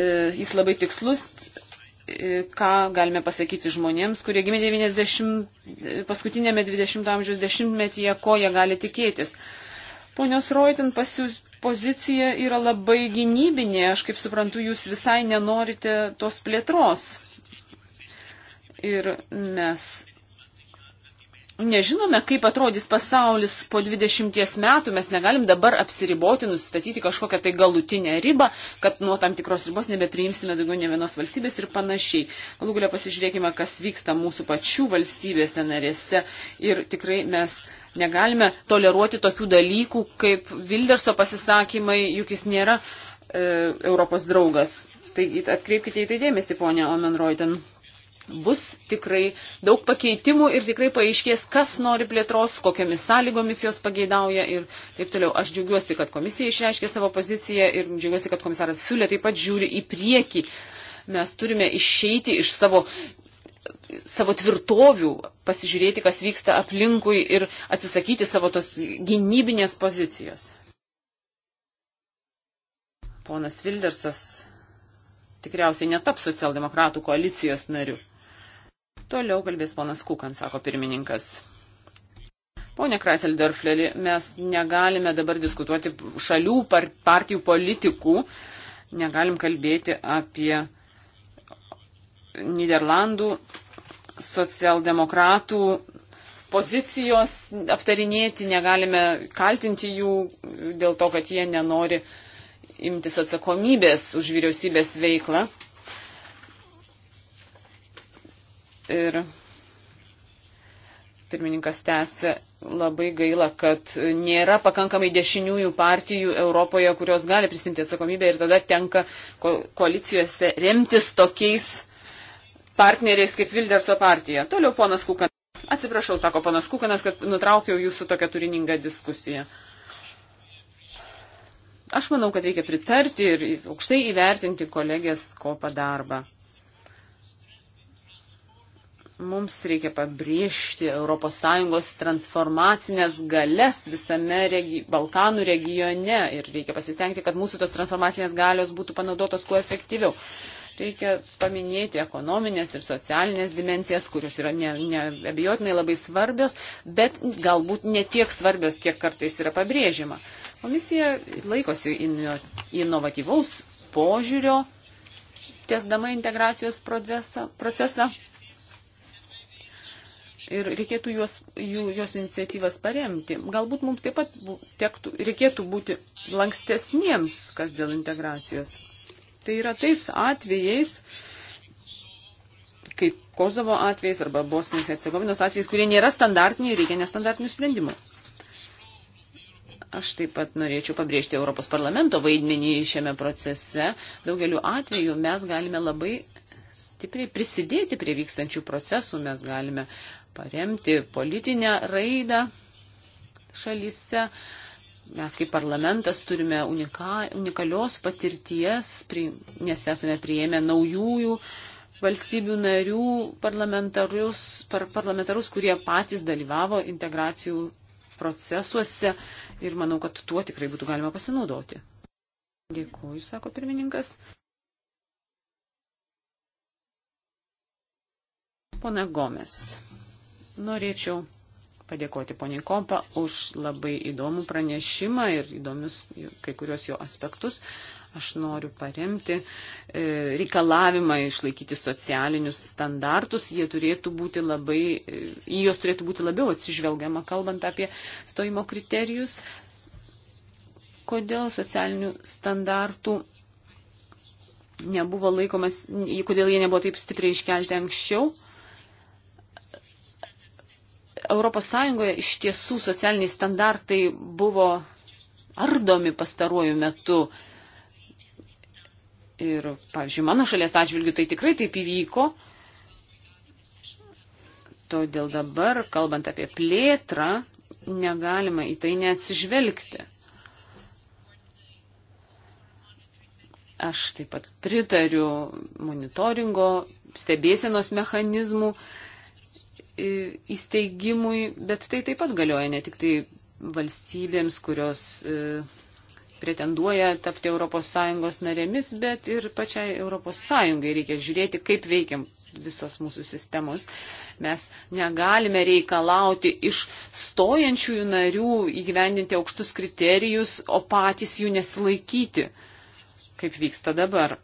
e, jis labai tikslus, e, ką galime pasakyti žmonėms, kurie gimė 90, paskutinėme 20 amžiaus dešimtmetyje, ko jie gali tikėtis. Ponios Roitin pasiūs, pozicija yra labai gynybinė, aš kaip suprantu, jūs visai nenorite tos plėtros. Ir mes nežinome, kaip atrodys pasaulis po 20 metų, mes negalim dabar apsiriboti, nustatyti kažkokią tai galutinę ribą, kad nuo tam tikros ribos nebepriimsime daugiau ne vienos valstybės ir panašiai. Galų galia pasižiūrėkime, kas vyksta mūsų pačių valstybėse narėse ir tikrai mes negalime toleruoti tokių dalykų, kaip Vilderso pasisakymai, juk jis nėra e, Europos draugas. Taigi atkreipkite į tai dėmesį, ponia Omenroiten bus tikrai daug pakeitimų ir tikrai paaiškės, kas nori plėtros, kokiamis sąlygomis jos pageidauja ir taip toliau. Aš džiaugiuosi, kad komisija išreiškė savo poziciją ir džiaugiuosi, kad komisaras Fiulė taip pat žiūri į priekį. Mes turime išeiti iš savo savo tvirtovių, pasižiūrėti, kas vyksta aplinkui ir atsisakyti savo tos gynybinės pozicijos. Ponas Vildersas tikriausiai netaps socialdemokratų koalicijos nariu. Toliau kalbės ponas Kukan, sako pirmininkas. Pone Kreiseldorfleri, mes negalime dabar diskutuoti šalių partijų politikų, negalim kalbėti apie Niderlandų socialdemokratų pozicijos aptarinėti, negalime kaltinti jų dėl to, kad jie nenori imtis atsakomybės už vyriausybės veiklą. Ir pirmininkas tęsė, labai gaila, kad nėra pakankamai dešiniųjų partijų Europoje, kurios gali prisimti atsakomybę ir tada tenka ko koalicijose remtis tokiais partneriais kaip Vilderso partija. Toliau ponas Kukanas. Atsiprašau, sako ponas Kukanas, kad nutraukiau jūsų tokią turiningą diskusiją. Aš manau, kad reikia pritarti ir aukštai įvertinti kolegės kopą darbą. Mums reikia pabrėžti ES transformacinės galės visame regi Balkanų regione ir reikia pasistengti, kad mūsų tos transformacinės galios būtų panaudotos kuo efektyviau. Reikia paminėti ekonominės ir socialinės dimensijas, kurios yra neabejotinai ne, ne labai svarbios, bet galbūt ne tiek svarbios, kiek kartais yra pabrėžima. Komisija laikosi ino, inovatyvaus požiūrio, tiesdama integracijos procesą. procesą ir reikėtų juos, jų, jos iniciatyvas paremti. Galbūt mums taip pat tektų, reikėtų būti lankstesniems, kas dėl integracijos. Tai yra tais atvejais, kaip Kozovo atvejais arba Bosnijos Hercegovinos atvejais, kurie nėra standartiniai, reikia nestandartinių sprendimų. Aš taip pat norėčiau pabrėžti Europos parlamento vaidmenį šiame procese. Daugeliu atveju mes galime labai stipriai prisidėti prie vykstančių procesų, mes galime paremti politinę raidą šalyse. Mes kaip parlamentas turime unika, unikalios patirties, nes esame prieėmę naujųjų valstybių narių parlamentarus, par, parlamentarus, kurie patys dalyvavo integracijų procesuose ir manau, kad tuo tikrai būtų galima pasinaudoti. Dėkuoju, sako pirmininkas. Pone Gomes. Norėčiau padėkoti poniai Kompa už labai įdomų pranešimą ir įdomius kai kurios jo aspektus. Aš noriu paremti e, reikalavimą išlaikyti socialinius standartus. Jie turėtų būti labai, e, į juos turėtų būti labiau atsižvelgiama, kalbant apie stojimo kriterijus. Kodėl socialinių standartų nebuvo laikomas, kodėl jie nebuvo taip stipriai iškelti anksčiau? E, ES iš tiesų socialiniai standartai buvo ardomi pastaruoju metu. Ir, pavyzdžiui, mano šalies atžvilgių tai tikrai taip įvyko. Todėl dabar, kalbant apie plėtrą, negalima į tai neatsižvelgti. Aš taip pat pritariu monitoringo stebėsenos mechanizmų įsteigimui, bet tai taip pat galioja ne tik tai valstybėms, kurios e, pretenduoja tapti ES narėmis, bet ir pačiai ES reikia žiūrėti, kaip veikiam visos mūsų sistemos. Mes negalime reikalauti iš stojančiųjų narių įgyvendinti aukštus kriterijus, o patys jų nesilaikyti, kaip vyksta dabar.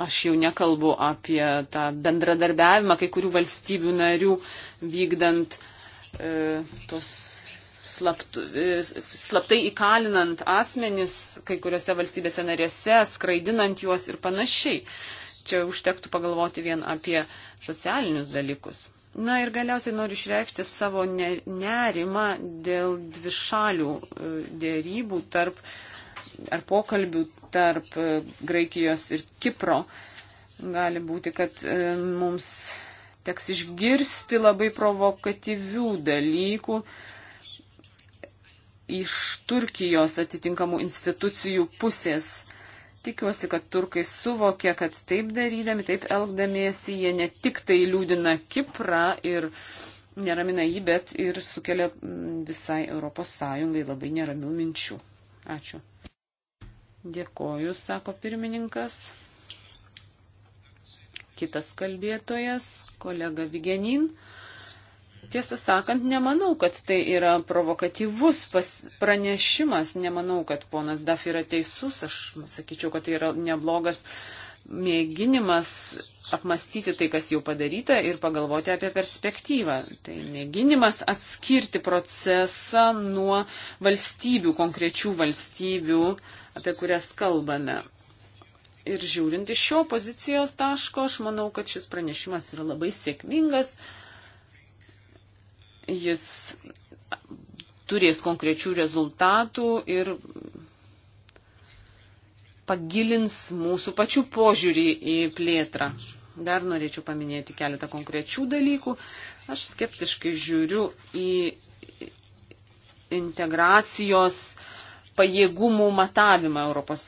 Aš jau nekalbu apie tą bendradarbiavimą kai kurių valstybių narių vykdant e, tos slaptu, e, slaptai įkalinant asmenis kai kuriuose valstybėse narėse, skraidinant juos ir panašiai. Čia užtektų pagalvoti vien apie socialinius dalykus. Na ir galiausiai noriu išreikšti savo nerimą dėl dvišalių e, dėrybų tarp uh, ar pokalbių tarp e, Graikijos ir Kipro. Gali būti, kad e, mums teks išgirsti labai provokatyvių dalykų iš Turkijos atitinkamų institucijų pusės. Tikiuosi, kad turkai suvokia, kad taip darydami, taip elgdamiesi, jie ne tik tai liūdina Kiprą ir neramina jį, bet ir sukelia visai ES labai neramių minčių. Ačiū. Dėkoju, sako pirmininkas. Kitas kalbėtojas, kolega Vigenin. Tiesą sakant, nemanau, kad tai yra provokatyvus pas, pranešimas, nemanau, kad ponas Daf yra teisus, aš sakyčiau, kad tai yra neblogas mėginimas apmastyti tai, kas jau padaryta ir pagalvoti apie perspektyvą. Tai mėginimas atskirti procesą nuo valstybių, konkrečių valstybių uh, apie kurias kalbame. Ir žiūrint iš šio pozicijos taško, aš manau, kad šis pranešimas yra labai sėkmingas. Jis turės konkrečių rezultatų ir pagilins mūsų pačių požiūrį į plėtrą. Dar norėčiau paminėti keletą konkrečių dalykų. Aš skeptiškai žiūriu į integracijos uh, pajėgumų matavimą ES.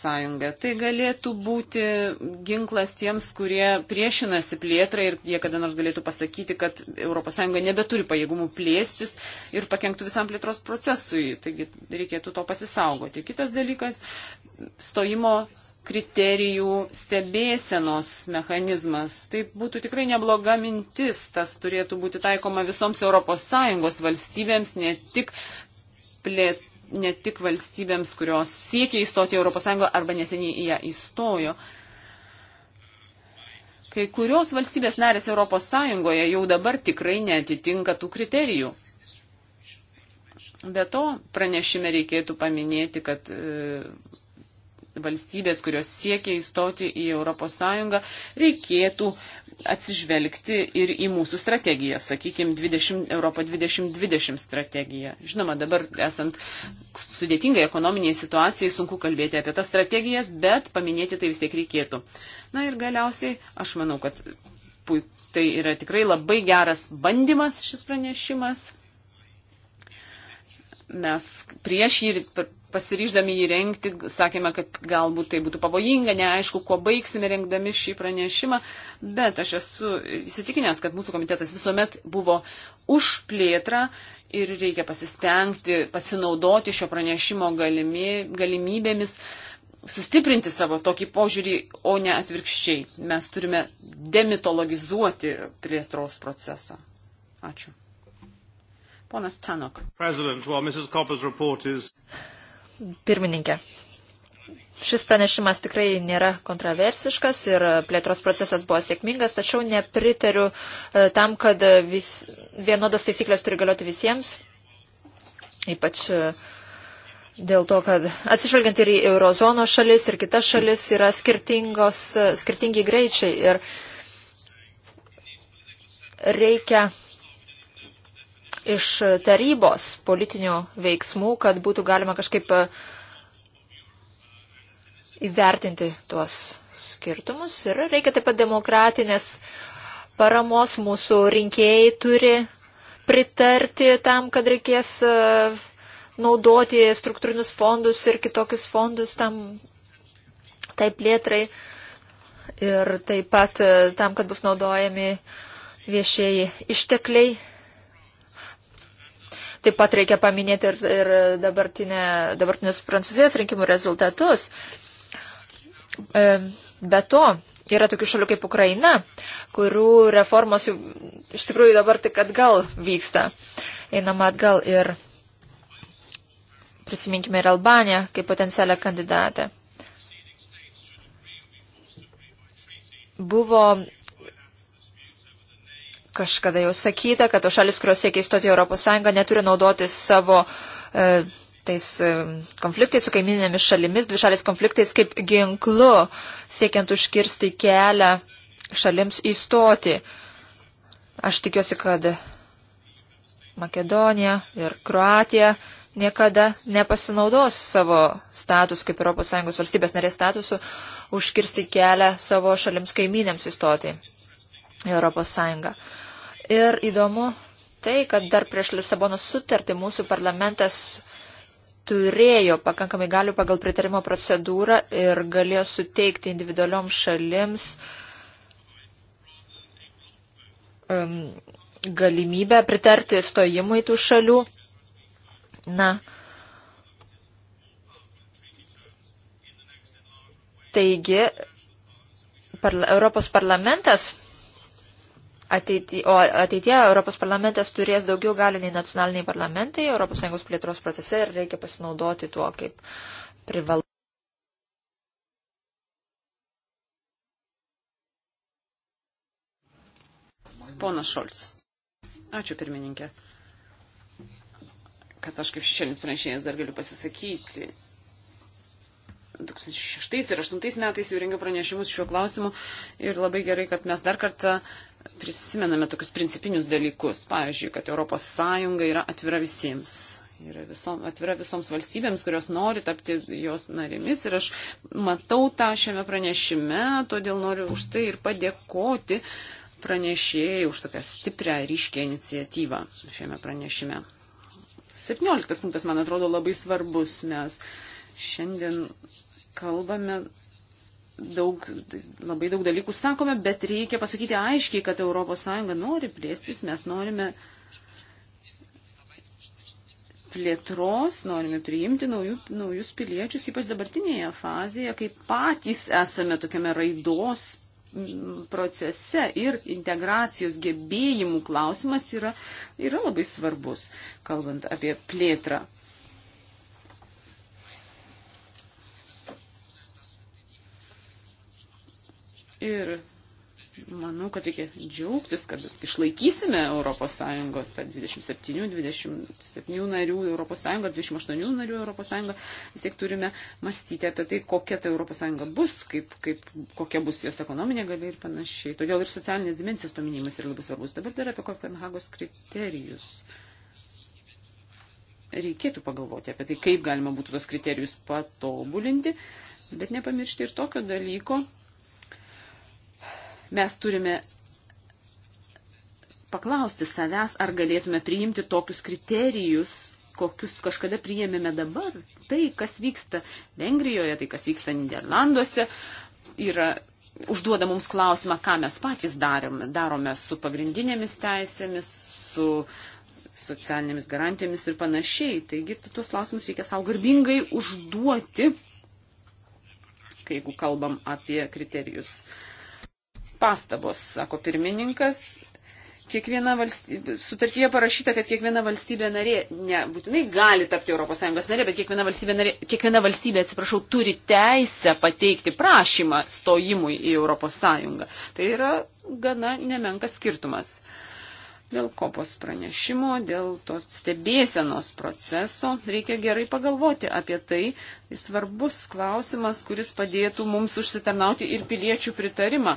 Tai galėtų būti ginklas tiems, kurie priešinasi plėtrai ir jie kada nors galėtų pasakyti, kad ES nebeturi pajėgumų plėstis ir pakenktų visam plėtros procesui. Taigi reikėtų to pasisaugoti. Kitas dalykas - stojimo kriterijų stebėsenos mechanizmas. Tai būtų tikrai nebloga mintis, tas turėtų būti taikoma visoms ES valstybėms, ne tik plėt ne tik valstybėms, kurios siekia įstoti į ES arba neseniai į ją įstojo. Kai kurios valstybės narės ES jau dabar tikrai netitinka tų kriterijų. Be to, pranešime reikėtų paminėti, kad e, valstybės, kurios siekia įstoti į ES, reikėtų atsižvelgti ir į mūsų strategiją, sakykime, 20, Europą 2020 strategiją. Žinoma, dabar esant sudėtingai ekonominiai situacijai, sunku kalbėti apie tas strategijas, bet paminėti tai vis tiek reikėtų. Na ir galiausiai, aš manau, kad puik, tai yra tikrai labai geras bandymas šis pranešimas. Mes prieš jį pasiryždami jį rengti, sakėme, kad galbūt tai būtų pavojinga, neaišku, kuo baigsime rengdami šį pranešimą, bet aš esu įsitikinęs, kad mūsų komitetas visuomet buvo už plėtrą ir reikia pasistengti, pasinaudoti šio pranešimo galimi, galimybėmis sustiprinti savo tokį požiūrį, o ne atvirkščiai. Mes turime demitologizuoti plėtros procesą. Ačiū. Ponas Tanok.
President, well, Mrs. Copper's report is
pirmininkė. Šis pranešimas tikrai nėra kontroversiškas ir plėtros procesas buvo sėkmingas, tačiau nepritariu e, tam, kad vis, vienodos taisyklės turi galioti visiems, ypač e, dėl to, kad atsižvelgiant ir į eurozono šalis ir kitas šalis yra skirtingos, e, skirtingi greičiai ir reikia iš tarybos politinių veiksmų, kad būtų galima kažkaip e, įvertinti tuos skirtumus. Ir reikia taip pat demokratinės paramos mūsų rinkėjai turi pritarti tam, kad reikės e, naudoti struktūrinius fondus ir kitokius fondus tam taip plėtrai ir taip pat e, tam, kad bus naudojami viešieji ištekliai Taip pat reikia paminėti ir, ir dabartinius Prancūzijos rinkimų rezultatus. E, be to, yra tokių šalių kaip Ukraina, kurių reformos jau iš tikrųjų dabar tik atgal vyksta. Einama atgal ir prisiminkime ir Albaniją kaip potencialią kandidatę. Buvo Kažkada jau sakyta, kad tos šalis, kurios siekia įstoti į ES, neturi naudotis savo e, tais e, konfliktais su kaiminėmis šalimis, dvišalės konfliktais kaip ginklu, siekiant užkirsti kelią šalims įstoti. Aš tikiuosi, kad Makedonija ir Kroatija niekada nepasinaudos savo status kaip ES valstybės narės statusu užkirsti kelią savo šalims kaiminėms įstoti. Europos Sąjungą. Ir įdomu tai, kad dar prieš Lisabonos sutartį mūsų parlamentas turėjo pakankamai galių pagal pritarimo procedūrą ir galėjo suteikti individualiom šalims um, galimybę pritarti stojimui tų šalių. Na, taigi, parla, Europos parlamentas Ateity, o ateitie Europos parlamentas turės daugiau galių nei nacionaliniai parlamentai ES plėtros procese ir reikia pasinaudoti tuo kaip privalu.
Ponas Šolts. Ačiū pirmininkė, kad aš kaip šešėlis pranešėjas dar galiu pasisakyti. 2006 ir 2008 metais jau rengiau pranešimus šiuo klausimu ir labai gerai, kad mes dar kartą prisimename tokius principinius dalykus. Pavyzdžiui, kad ES yra atvira visiems. Yra visom, atvira visoms valstybėms, kurios nori tapti jos narėmis. Ir aš matau tą šiame pranešime, todėl noriu už tai ir padėkoti pranešėjai už tokią stiprią ryškę iniciatyvą šiame pranešime. 17 punktas, man atrodo, labai svarbus. Mes šiandien kalbame daug, labai daug dalykų sakome, bet reikia pasakyti aiškiai, kad ES nori plėstis, mes norime plėtros, norime priimti naujų, naujus piliečius, ypač dabartinėje fazėje, kai patys esame tokiame raidos procese ir integracijos gebėjimų klausimas yra, yra labai svarbus, kalbant apie plėtrą. Ir manau, kad reikia džiaugtis, kad išlaikysime ES, tą 27, 27 narių ES, 28 narių ES, vis tiek turime mąstyti apie tai, kokia ta ES bus, kaip, kaip, kokia bus jos ekonominė galia ir panašiai. Todėl ir socialinės dimensijos paminimas yra labai svarbus. Dabar dar apie Kopenhagos kriterijus. Reikėtų pagalvoti apie tai, kaip galima būtų tos kriterijus patobulinti, bet nepamiršti ir tokio dalyko, Mes turime paklausti savęs, ar galėtume priimti tokius kriterijus, kokius kažkada priėmėme dabar. Tai, kas vyksta Vengrijoje, tai, kas vyksta Niderlanduose, yra užduoda mums klausimą, ką mes patys darome, darome su pagrindinėmis teisėmis, su socialinėmis garantijomis ir panašiai. Taigi tuos klausimus reikia savo garbingai užduoti, kai jeigu kalbam apie kriterijus. Uh, pastabos, sako pirmininkas. Kiekviena valstybė, sutartyje parašyta, kad kiekviena valstybė narė, nebūtinai gali tapti ES narė, bet kiekviena valstybė, narė, kiekviena valstybė, atsiprašau, turi teisę pateikti prašymą stojimui į ES. Tai yra gana nemenkas skirtumas. Dėl kopos pranešimo, dėl to stebėsenos proceso reikia gerai pagalvoti apie tai. Tai svarbus klausimas, kuris padėtų mums užsitarnauti ir piliečių pritarimą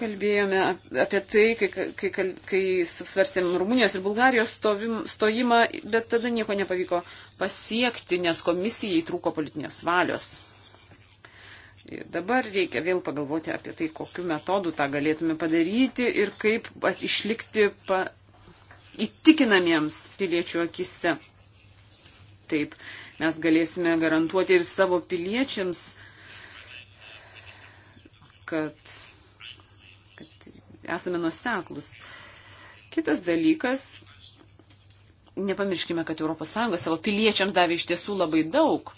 kalbėjome apie tai, kai, kai, kai svarstėm Rumunijos ir Bulgarijos stovim, stojimą, bet tada nieko nepavyko pasiekti, nes komisijai trūko politinės valios. Ir dabar reikia vėl pagalvoti apie tai, kokiu metodu tą galėtume padaryti ir kaip išlikti pa, įtikinamiems piliečių akise. Taip, mes galėsime garantuoti ir savo piliečiams, kad kad esame nuseklus. Kitas dalykas, nepamirškime, kad ES savo piliečiams davė iš tiesų labai daug.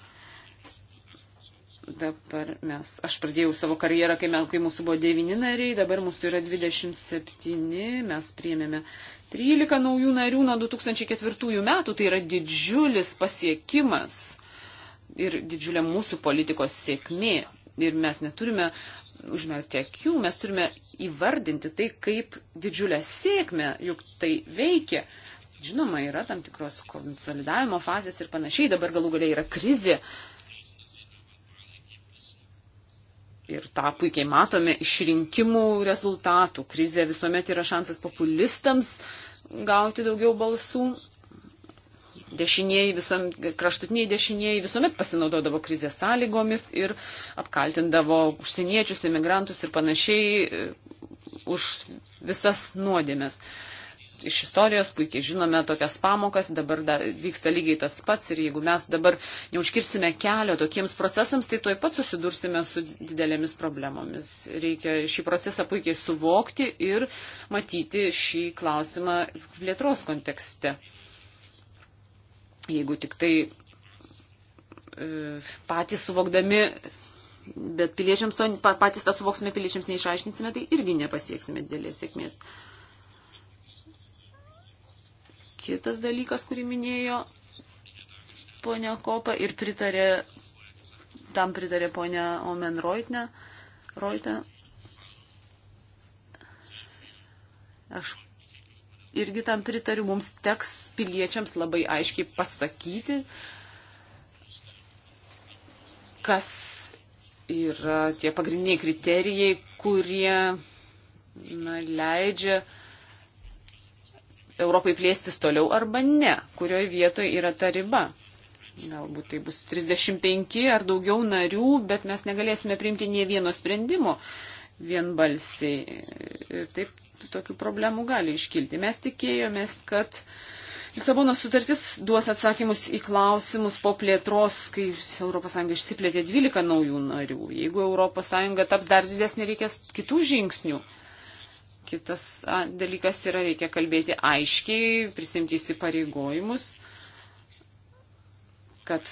Dabar mes, aš pradėjau savo karjerą, kai, mes, kai mūsų buvo 9 nariai, dabar mūsų yra 27, mes priėmėme 13 naujų narių nuo 2004 metų, tai yra didžiulis pasiekimas ir didžiulė mūsų politikos sėkmė. Ir mes neturime užmerkti akių, mes turime įvardinti tai kaip didžiulę sėkmę, juk tai veikia. Žinoma, yra tam tikros konsolidavimo fazės ir panašiai, dabar galų galia yra krizė. Ir tą puikiai matome iš rinkimų rezultatų. Krizė visuomet yra šansas populistams gauti daugiau balsų dešinieji, visom, kraštutiniai dešinieji visuomet pasinaudodavo krizės sąlygomis ir apkaltindavo užsieniečius, imigrantus ir panašiai e, už visas nuodėmės. Iš istorijos puikiai žinome tokias pamokas, dabar da, vyksta lygiai tas pats ir jeigu mes dabar neužkirsime kelio tokiems procesams, tai tuoj pat susidursime su didelėmis problemomis. Reikia šį procesą puikiai suvokti ir matyti šį klausimą plėtros kontekste jeigu tik tai e, patys suvokdami, bet piliečiams to, patys tą suvoksime, piliečiams neišaiškinsime, tai irgi nepasieksime didelės sėkmės. Kitas dalykas, kurį minėjo ponia Kopa ir pritarė, tam pritarė ponia Omen Roitne, Roitne. Aš irgi tam pritariu, mums teks piliečiams labai aiškiai pasakyti, kas yra tie pagrindiniai kriterijai, kurie na, leidžia Europai plėstis toliau arba ne, kurioje vietoje yra ta riba. Galbūt tai bus 35 ar daugiau narių, bet mes negalėsime priimti nie vieno sprendimo vienbalsiai. Taip tokių problemų gali iškilti. Mes tikėjomės, kad Lisabonos sutartis duos atsakymus į klausimus po plėtros, kai ES išsiplėtė 12 naujų narių. Jeigu ES taps dar didesnė, reikės kitų žingsnių. Kitas dalykas yra, reikia kalbėti aiškiai, prisimti įsipareigojimus, kad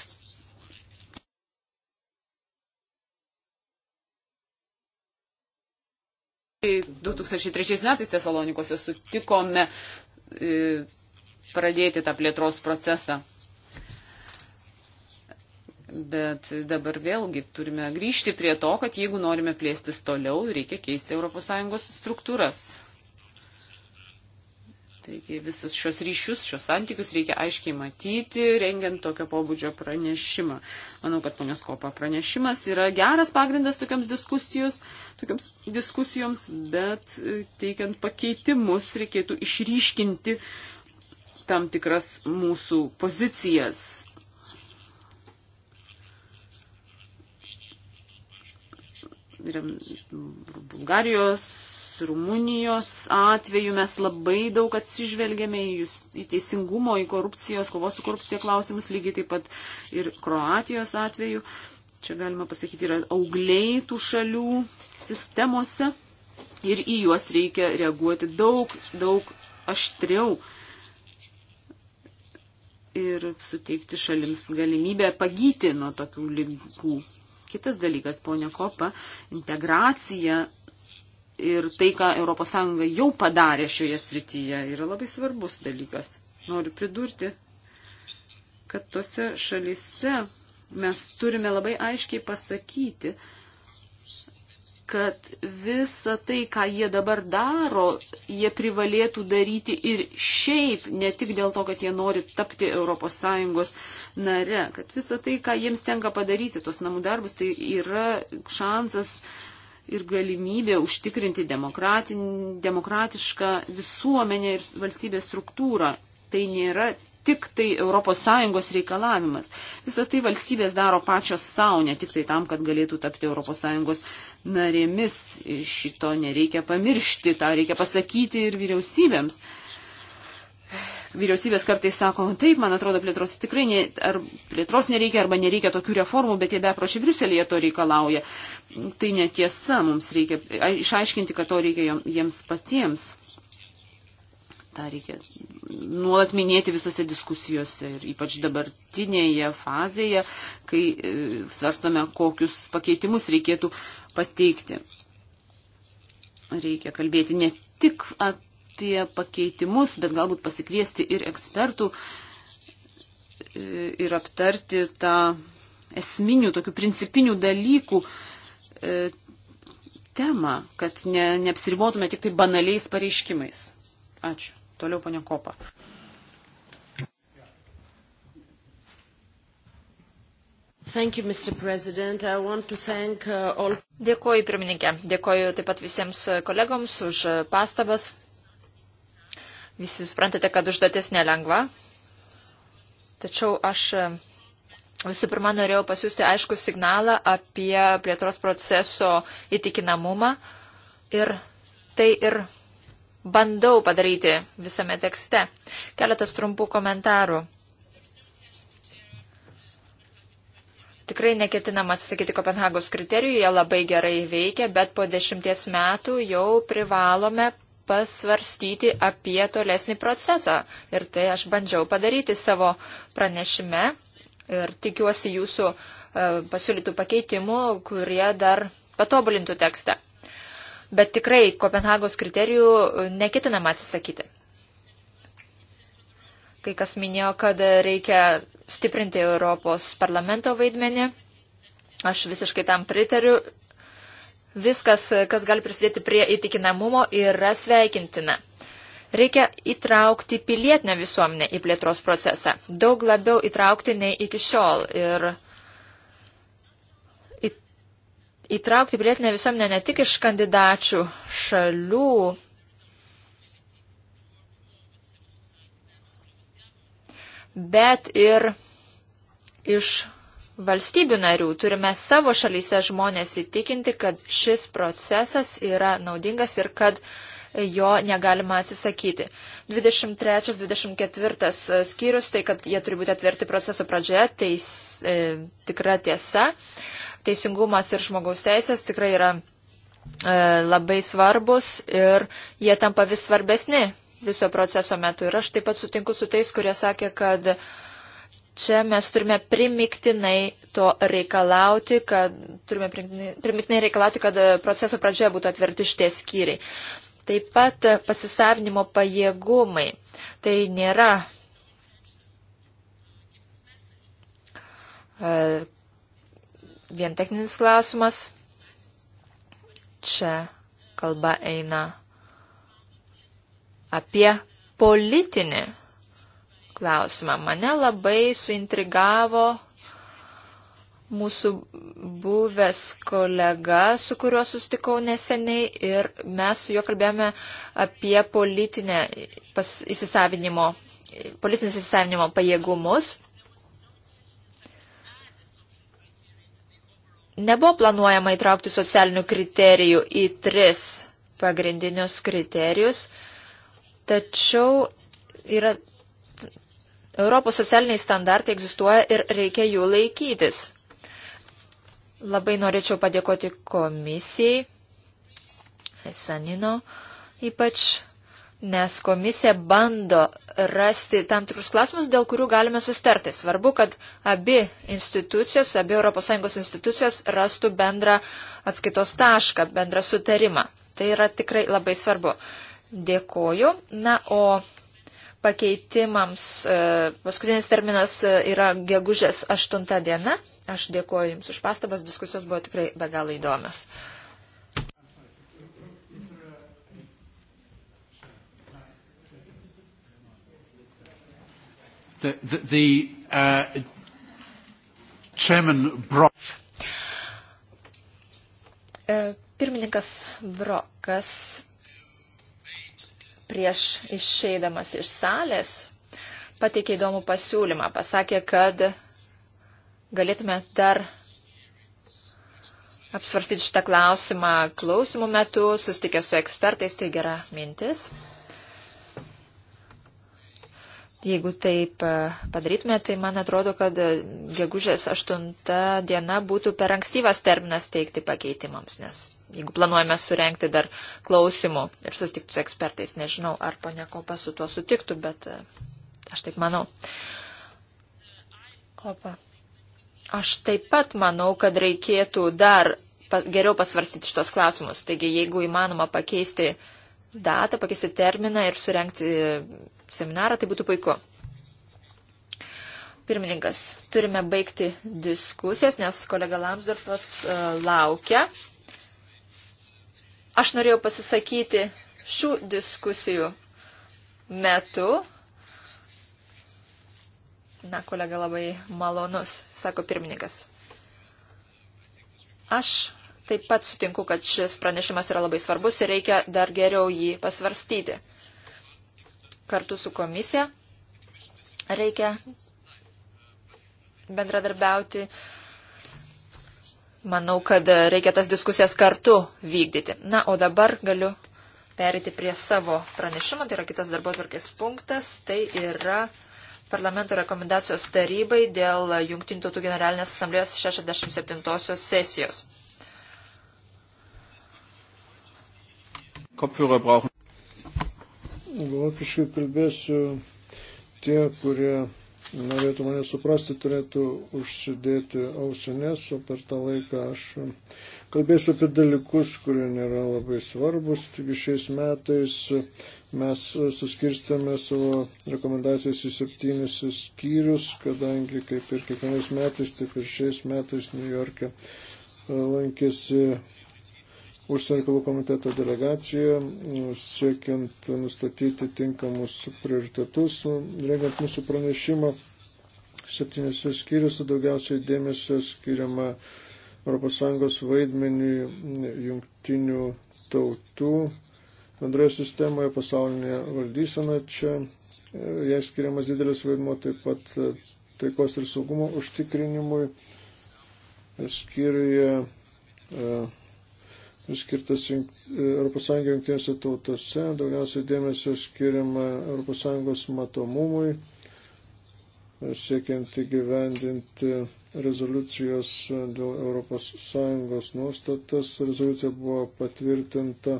2003 metais Tesalonikose sutikome e, pradėti tą plėtros procesą. Bet dabar vėlgi turime grįžti prie to, kad jeigu norime plėstis toliau, reikia keisti ES struktūras. Taigi visus šios ryšius, šios santykius reikia aiškiai matyti, rengiant tokio pobūdžio pranešimą. Manau, kad ponios Kopa pranešimas yra geras pagrindas tokiams diskusijos, tokiams diskusijoms, bet e, teikiant pakeitimus reikėtų išryškinti tam tikras mūsų pozicijas. Bulgarijos Rumunijos atveju mes labai daug atsižvelgėme į, jūs, į teisingumo, į korupcijos, kovos su korupcija klausimus, lygiai taip pat ir Kroatijos atveju. Čia galima pasakyti, yra augliai tų šalių sistemose ir į juos reikia reaguoti daug, daug aštriau ir suteikti šalims galimybę pagyti nuo tokių lygų. Kitas dalykas, ponia Kopa, integracija ir tai, ką ES jau padarė šioje srityje, yra labai svarbus dalykas. Noriu pridurti, kad tose šalise mes turime labai aiškiai pasakyti, kad visa tai, ką jie dabar daro, jie privalėtų daryti ir šiaip, ne tik dėl to, kad jie nori tapti ES nare, kad visa tai, ką jiems tenka padaryti, tos namų darbus, tai yra šansas uh, ir galimybė užtikrinti demokratišką visuomenę ir valstybės struktūrą. Tai nėra tik tai ES reikalavimas. Visą tai valstybės daro pačios savo, ne tik tai tam, kad galėtų tapti ES narėmis. Šito nereikia pamiršti, tą reikia pasakyti ir vyriausybėms. Vyriausybės kartais sako, taip, man atrodo, plėtros tikrai ne, ar plėtros nereikia arba nereikia tokių reformų, bet jie bepročiai Briuselėje to reikalauja tai netiesa, mums reikia išaiškinti, kad to reikia jiems patiems. Ta reikia nuolat minėti visose diskusijose ir ypač dabartinėje fazėje, kai e, svarstome, kokius pakeitimus reikėtų pateikti. Reikia kalbėti ne tik apie pakeitimus, bet galbūt pasikviesti ir ekspertų e, ir aptarti tą esminių, tokių principinių dalykų, uh, E, temą, kad ne, neapsiribotume tik tai banaliais pareiškimais. Ačiū. Toliau, ponia Kopa. You,
uh, all... Dėkuoju pirmininkė, dėkuoju taip pat visiems uh, kolegoms už uh, pastabas. Visi suprantate, kad užduotis nelengva. Tačiau aš Visų pirma, norėjau pasiūsti aišku signalą apie plėtros proceso įtikinamumą ir tai ir bandau padaryti visame tekste. Keletas trumpų komentarų. Tikrai neketinam atsisakyti Kopenhagos kriterijų, jie labai gerai veikia, bet po dešimties metų jau privalome pasvarstyti apie tolesnį procesą. Ir tai aš bandžiau padaryti savo pranešime ir tikiuosi jūsų e, pasiūlytų pakeitimų, kurie dar patobulintų tekstą. Bet tikrai Kopenhagos kriterijų e, neketinama atsisakyti. Kai kas minėjo, kad reikia stiprinti Europos parlamento vaidmenį. Aš visiškai tam pritariu. Viskas, kas gali prisidėti prie įtikinamumo, yra sveikintina. Reikia įtraukti pilietinę visuomenę į plėtros procesą, daug labiau įtraukti nei iki šiol. Ir įtraukti pilietinę visuomenę ne tik iš kandidačių šalių, bet ir iš valstybių narių turime savo šalyse žmonės įtikinti, kad šis procesas yra naudingas ir kad uh, jo negalima atsisakyti. 23-24 skyrius, tai kad jie turi būti atverti proceso pradžioje, tai e, tikra tiesa. Teisingumas ir žmogaus teisės tikrai yra e, labai svarbus ir jie tampa vis svarbesni viso proceso metu. Ir aš taip pat sutinku su tais, kurie sakė, kad čia mes turime primiktinai to reikalauti, kad, turime primiktinai reikalauti, kad proceso pradžioje būtų atverti šitie skyriai. Taip pat pasisavinimo pajėgumai. Tai nėra e, vien techninis klausimas. Čia kalba eina apie politinį klausimą. Mane labai suintrigavo mūsų buvęs kolega, su kuriuo sustikau neseniai ir mes su juo kalbėjome apie politinę įsisavinimo, politinius įsisavinimo pajėgumus. Nebuvo planuojama įtraukti socialinių kriterijų į tris pagrindinius kriterijus, tačiau yra Europos socialiniai standartai egzistuoja ir reikia jų laikytis. Labai norėčiau padėkoti komisijai, Sanino ypač, nes komisija bando rasti tam tikrus klausimus, dėl kurių galime sustarti. Svarbu, kad abi institucijos, abi ES institucijos rastų bendrą atskaitos tašką, bendrą sutarimą. Tai yra tikrai labai svarbu. Dėkoju. Na, o pakeitimams e, paskutinis terminas e, yra gegužės 8 diena. Aš dėkuoju Jums už pastabas, diskusijos buvo tikrai be galo įdomios. The, the, the,
uh, chairman Brock.
E, pirmininkas Brokas prieš išeidamas iš salės pateikė įdomų pasiūlymą. Pasakė, kad galėtume dar apsvarstyti šitą klausimą klausimų metu, sustikę su ekspertais, tai gera mintis. Jeigu taip e, padarytume, tai man atrodo, kad e, gegužės 8 diena būtų per ankstyvas terminas teikti pakeitimams, nes jeigu planuojame surenkti dar klausimų ir susitikti su ekspertais, nežinau, ar ponia Kopa su tuo sutiktų, bet e, aš taip manau. Kopa. Aš taip pat manau, kad reikėtų dar geriau pasvarstyti šitos klausimus. Taigi, jeigu įmanoma pakeisti uh, datą, pakeisti terminą ir surenkti seminarą, tai būtų puiku. Pirmininkas, turime baigti diskusijas, nes kolega Lamsdorfas e, laukia. Aš norėjau pasisakyti šių diskusijų metu. Na, kolega labai malonus, sako pirmininkas. Aš taip pat sutinku, kad šis pranešimas yra labai svarbus ir reikia dar geriau jį pasvarstyti. Kartu su komisija reikia bendradarbiauti. Manau, kad reikia tas diskusijas kartu vykdyti. Na, o dabar galiu perėti prie savo pranešimo. Tai yra kitas darbo tvarkės punktas. Tai yra parlamento rekomendacijos tarybai dėl Junktinių tautų generalinės asamblėjos 67 sesijos.
Kopfhörer brauchen. Vokiškai kalbėsiu. Tie, kurie norėtų mane suprasti, turėtų užsidėti ausinės, o per tą laiką aš kalbėsiu apie dalykus, kurie nėra labai svarbus. Taigi šiais metais mes suskirstėme savo rekomendacijas į septynis skyrius, kadangi kaip ir kiekvienais metais, taip ir šiais metais New York'e lankėsi užsienio reikalų komiteto delegaciją, siekiant nustatyti tinkamus prioritetus, rengiant mūsų pranešimą. Septynėse skyriuose daugiausiai dėmesio skiriama ES vaidmeniui jungtinių tautų bendroje sistemoje, pasaulinėje valdysena čia, jai skiriamas didelis vaidmo taip pat taikos ir saugumo užtikrinimui, skyriuje e, skirtas ES jungtinėse tautose, daugiausiai dėmesio skiriama ES matomumui, siekiant įgyvendinti rezoliucijos dėl ES nuostatas. Rezoliucija buvo patvirtinta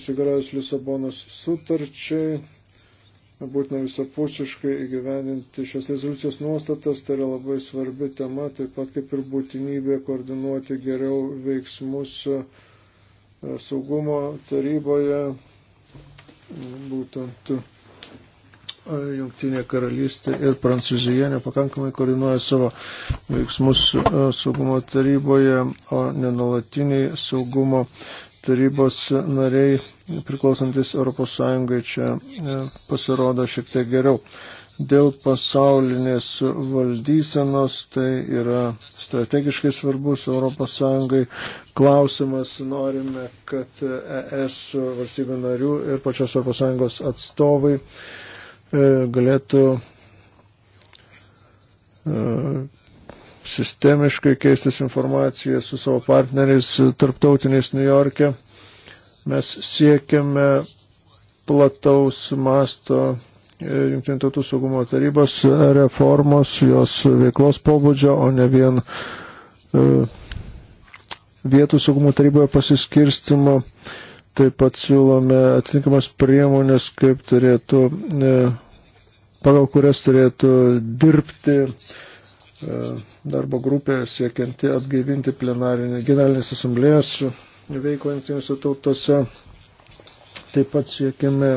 įsigaliojus Lisabonos sutarčiai būtina visapusiškai įgyveninti šios rezoliucijos nuostatas, tai yra labai svarbi tema, taip pat kaip ir būtinybė koordinuoti geriau veiksmus e, saugumo taryboje, būtent e, Junktinė karalystė ir Prancūzija nepakankamai koordinuoja savo veiksmus e, saugumo taryboje, o nenolatiniai saugumo tarybos nariai priklausantis ES čia e, pasirodo šiek tiek geriau. Dėl pasaulinės valdysenos tai yra strategiškai svarbus ES klausimas. Norime, kad ES valstybių narių ir pačios ES atstovai e, galėtų e, sistemiškai keistis informaciją su savo partneriais tarptautiniais New York'e. Mes siekiame plataus masto e, Junktinių tautų saugumo tarybos reformos, jos veiklos pobūdžio, o ne vien e, vietų saugumo taryboje pasiskirstimo. Taip pat siūlome atitinkamas priemonės, kaip turėtų, e, pagal kurias turėtų dirbti uh, E, darbo grupė siekianti atgaivinti plenarinę generalinės asamblėjos veiklą jungtinėse tautose. Taip pat siekime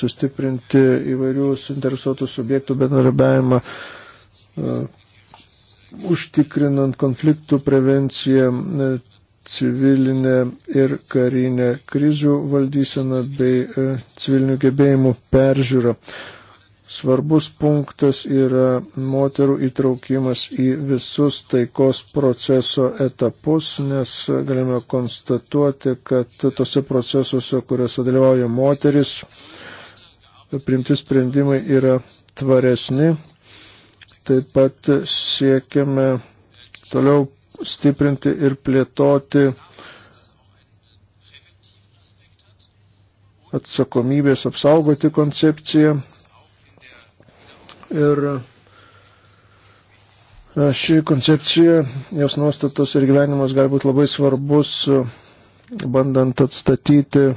sustiprinti įvairių suinteresuotų subjektų bendradarbiavimą, e, užtikrinant konfliktų prevenciją, e, civilinę ir karinę krizių valdyseną bei civilinių gebėjimų peržiūrą. Svarbus punktas yra moterų įtraukimas į visus taikos proceso etapus, nes galime konstatuoti, kad tose procesuose, kuriuose dalyvauja moteris, primti sprendimai yra tvaresni. Taip pat siekiame toliau stiprinti ir plėtoti atsakomybės apsaugoti koncepciją Ir e, ši koncepcija, jos nuostatos ir gyvenimas gali būti labai svarbus, e, bandant atstatyti e,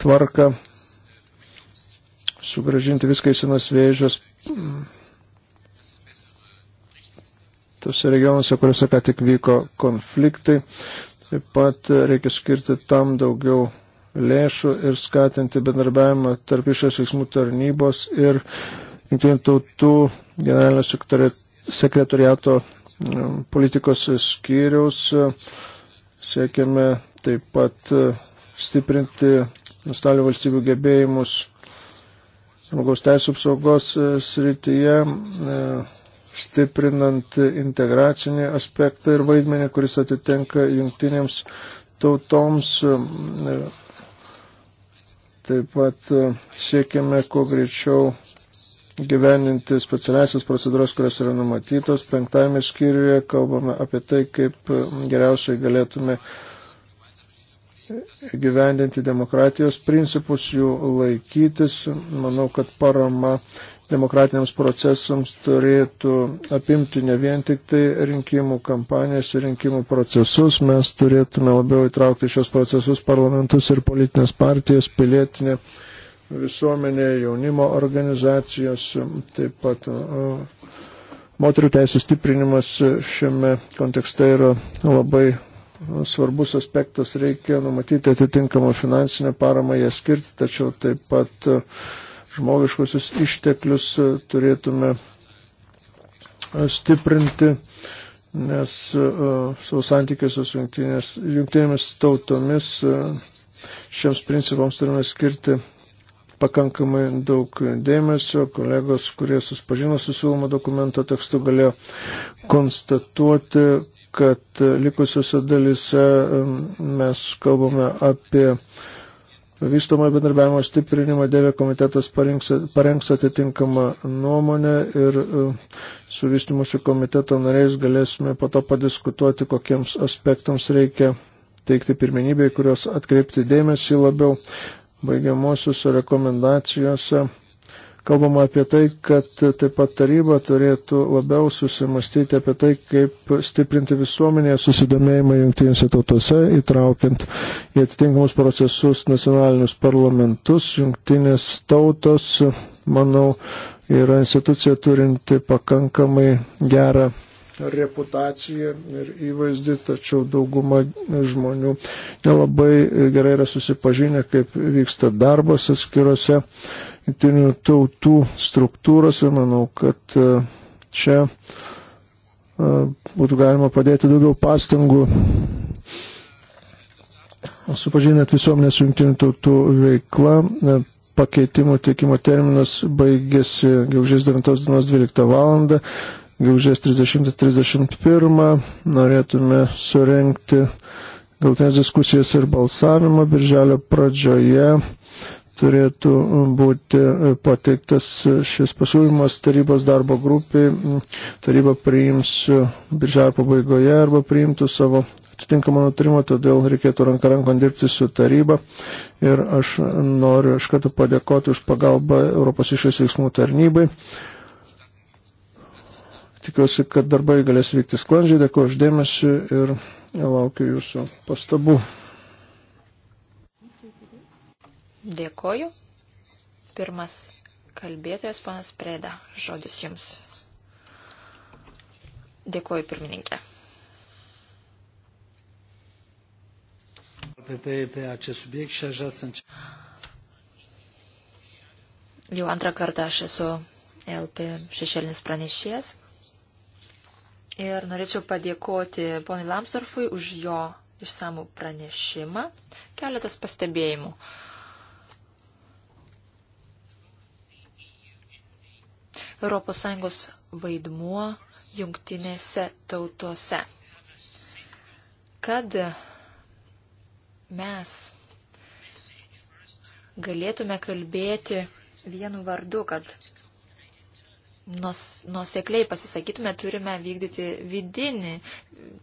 tvarką, sugražinti viską į senas vėžės mm, tose regionuose, kuriuose ką tik vyko konfliktai. Taip pat reikia skirti tam daugiau lėšų ir skatinti bendarbiavimą tarp išės veiksmų tarnybos ir Junktinių tautų generalinio sekretariato mm, politikos skyriaus. Siekiame taip pat e, stiprinti nuostalių valstybių gebėjimus žmogaus teisų apsaugos e, srityje, e, stiprinant integracinį aspektą ir vaidmenį, kuris atitenka jungtinėms tautoms Taip pat e, siekiame kuo greičiau gyveninti specialiasias procedūras, kurios yra numatytos. Penktame skyriuje kalbame apie tai, kaip e, geriausiai galėtume gyvendinti demokratijos principus, jų laikytis. Manau, kad parama demokratiniams procesams turėtų apimti ne vien tik tai rinkimų kampanijas ir rinkimų procesus, mes turėtume labiau įtraukti šios procesus parlamentus ir politinės partijas, pilietinė visuomenė, jaunimo organizacijos, taip pat uh, moterių teisų stiprinimas šiame kontekste yra labai svarbus aspektas, reikia numatyti atitinkamą finansinę paramą, ją skirti, tačiau taip pat uh, žmogiškusius išteklius e, turėtume e, stiprinti, nes e, savo santykiuose su jungtinėmis tautomis šiems principams turime skirti pakankamai daug dėmesio. Kolegos, kurie suspažino su siūlomo dokumento tekstu, galėjo konstatuoti, kad likusiuose dalise mes kalbame apie uh, vystomojo bendarbiavimo stiprinimą Dėvė komitetas parengs, parengs atitinkamą nuomonę ir e, su vystimusiu komiteto nariais galėsime po to padiskutuoti, kokiems aspektams reikia teikti pirmenybę, kuriuos atkreipti dėmesį labiau baigiamosiuose rekomendacijose Kalbama apie tai, kad taip pat taryba turėtų labiau susimastyti apie tai, kaip stiprinti visuomenėje susidomėjimą jungtinėse tautose, įtraukiant į atitinkamus procesus nacionalinius parlamentus. Jungtinės tautos, manau, yra institucija turinti pakankamai gerą reputaciją ir įvaizdį, tačiau dauguma žmonių nelabai gerai yra susipažinę, kaip vyksta darbas atskiruose jungtinių tautų struktūros ir manau, kad e, čia e, būtų galima padėti daugiau pastangų supažinant visuomenę su jungtinių tautų veikla. E, pakeitimų teikimo terminas baigėsi gegužės 9 dienos 12 valandą, gegužės 30-31 norėtume surenkti galtinės diskusijas ir balsavimą birželio pradžioje turėtų būti e, pateiktas e, šis pasiūlymas tarybos darbo grupiai. Taryba priims e, birželio pabaigoje arba priimtų savo atitinkamą nutarimą, todėl reikėtų ranką rankon dirbti su taryba. Ir aš noriu iš karto padėkoti už pagalbą Europos išės veiksmų tarnybai. Tikiuosi, kad darbai galės vykti sklandžiai. Dėkuoju uždėmesi ir laukiu jūsų pastabų.
Dėkoju. Pirmas kalbėtojas, panas Preda, žodis jums. Dėkoju, pirmininkė. Jau antrą kartą aš esu LP šešėlinis pranešėjas ir norėčiau padėkoti ponui Lamsdorfui už jo išsamų pranešimą. Keletas pastebėjimų. Uh, ES vaidmuo jungtinėse tautose. Kad mes galėtume kalbėti vienu vardu, kad nusekliai pasisakytume, turime vykdyti vidinį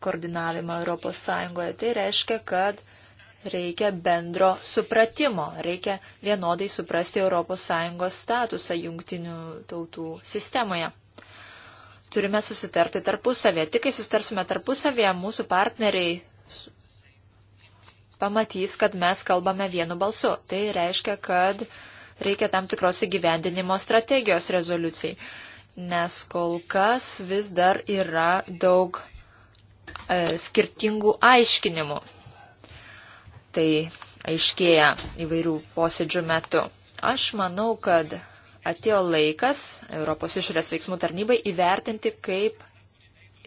koordinavimą ES. Tai reiškia, kad reikia bendro supratimo, reikia vienodai suprasti ES statusą jungtinių tautų sistemoje. Turime susitarti tarpusavėje. Tik kai susitarsime tarpusavėje, mūsų partneriai pamatys, kad mes kalbame vienu balsu. Tai reiškia, kad reikia tam tikros įgyvendinimo strategijos rezoliucijai, nes kol kas vis dar yra daug e, skirtingų aiškinimų tai aiškėja įvairių posėdžių metu. Aš manau, kad atėjo laikas Europos išorės veiksmų tarnybai įvertinti, kaip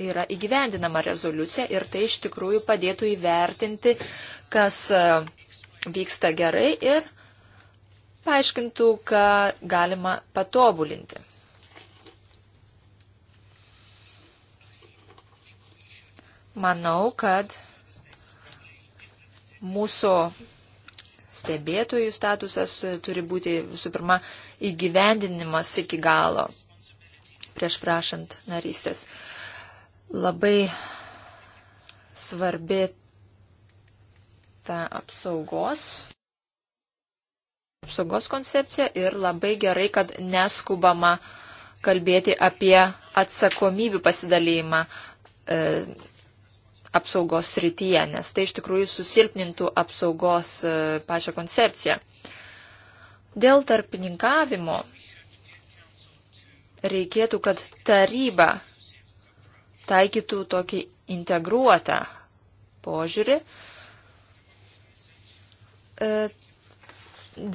yra įgyvendinama rezoliucija ir tai iš tikrųjų padėtų įvertinti, kas e, vyksta gerai ir paaiškintų, ką galima patobulinti. Manau, kad Mūsų stebėtojų statusas e, turi būti visų pirma įgyvendinimas iki galo prieš prašant narystės. Labai svarbi ta apsaugos apsaugos koncepcija ir labai gerai, kad neskubama kalbėti apie atsakomybių pasidalymą. E, apsaugos srityje, nes tai iš tikrųjų susilpnintų apsaugos e, pačią koncepciją. Dėl tarpininkavimo reikėtų, kad taryba taikytų tokį integruotą požiūrį e,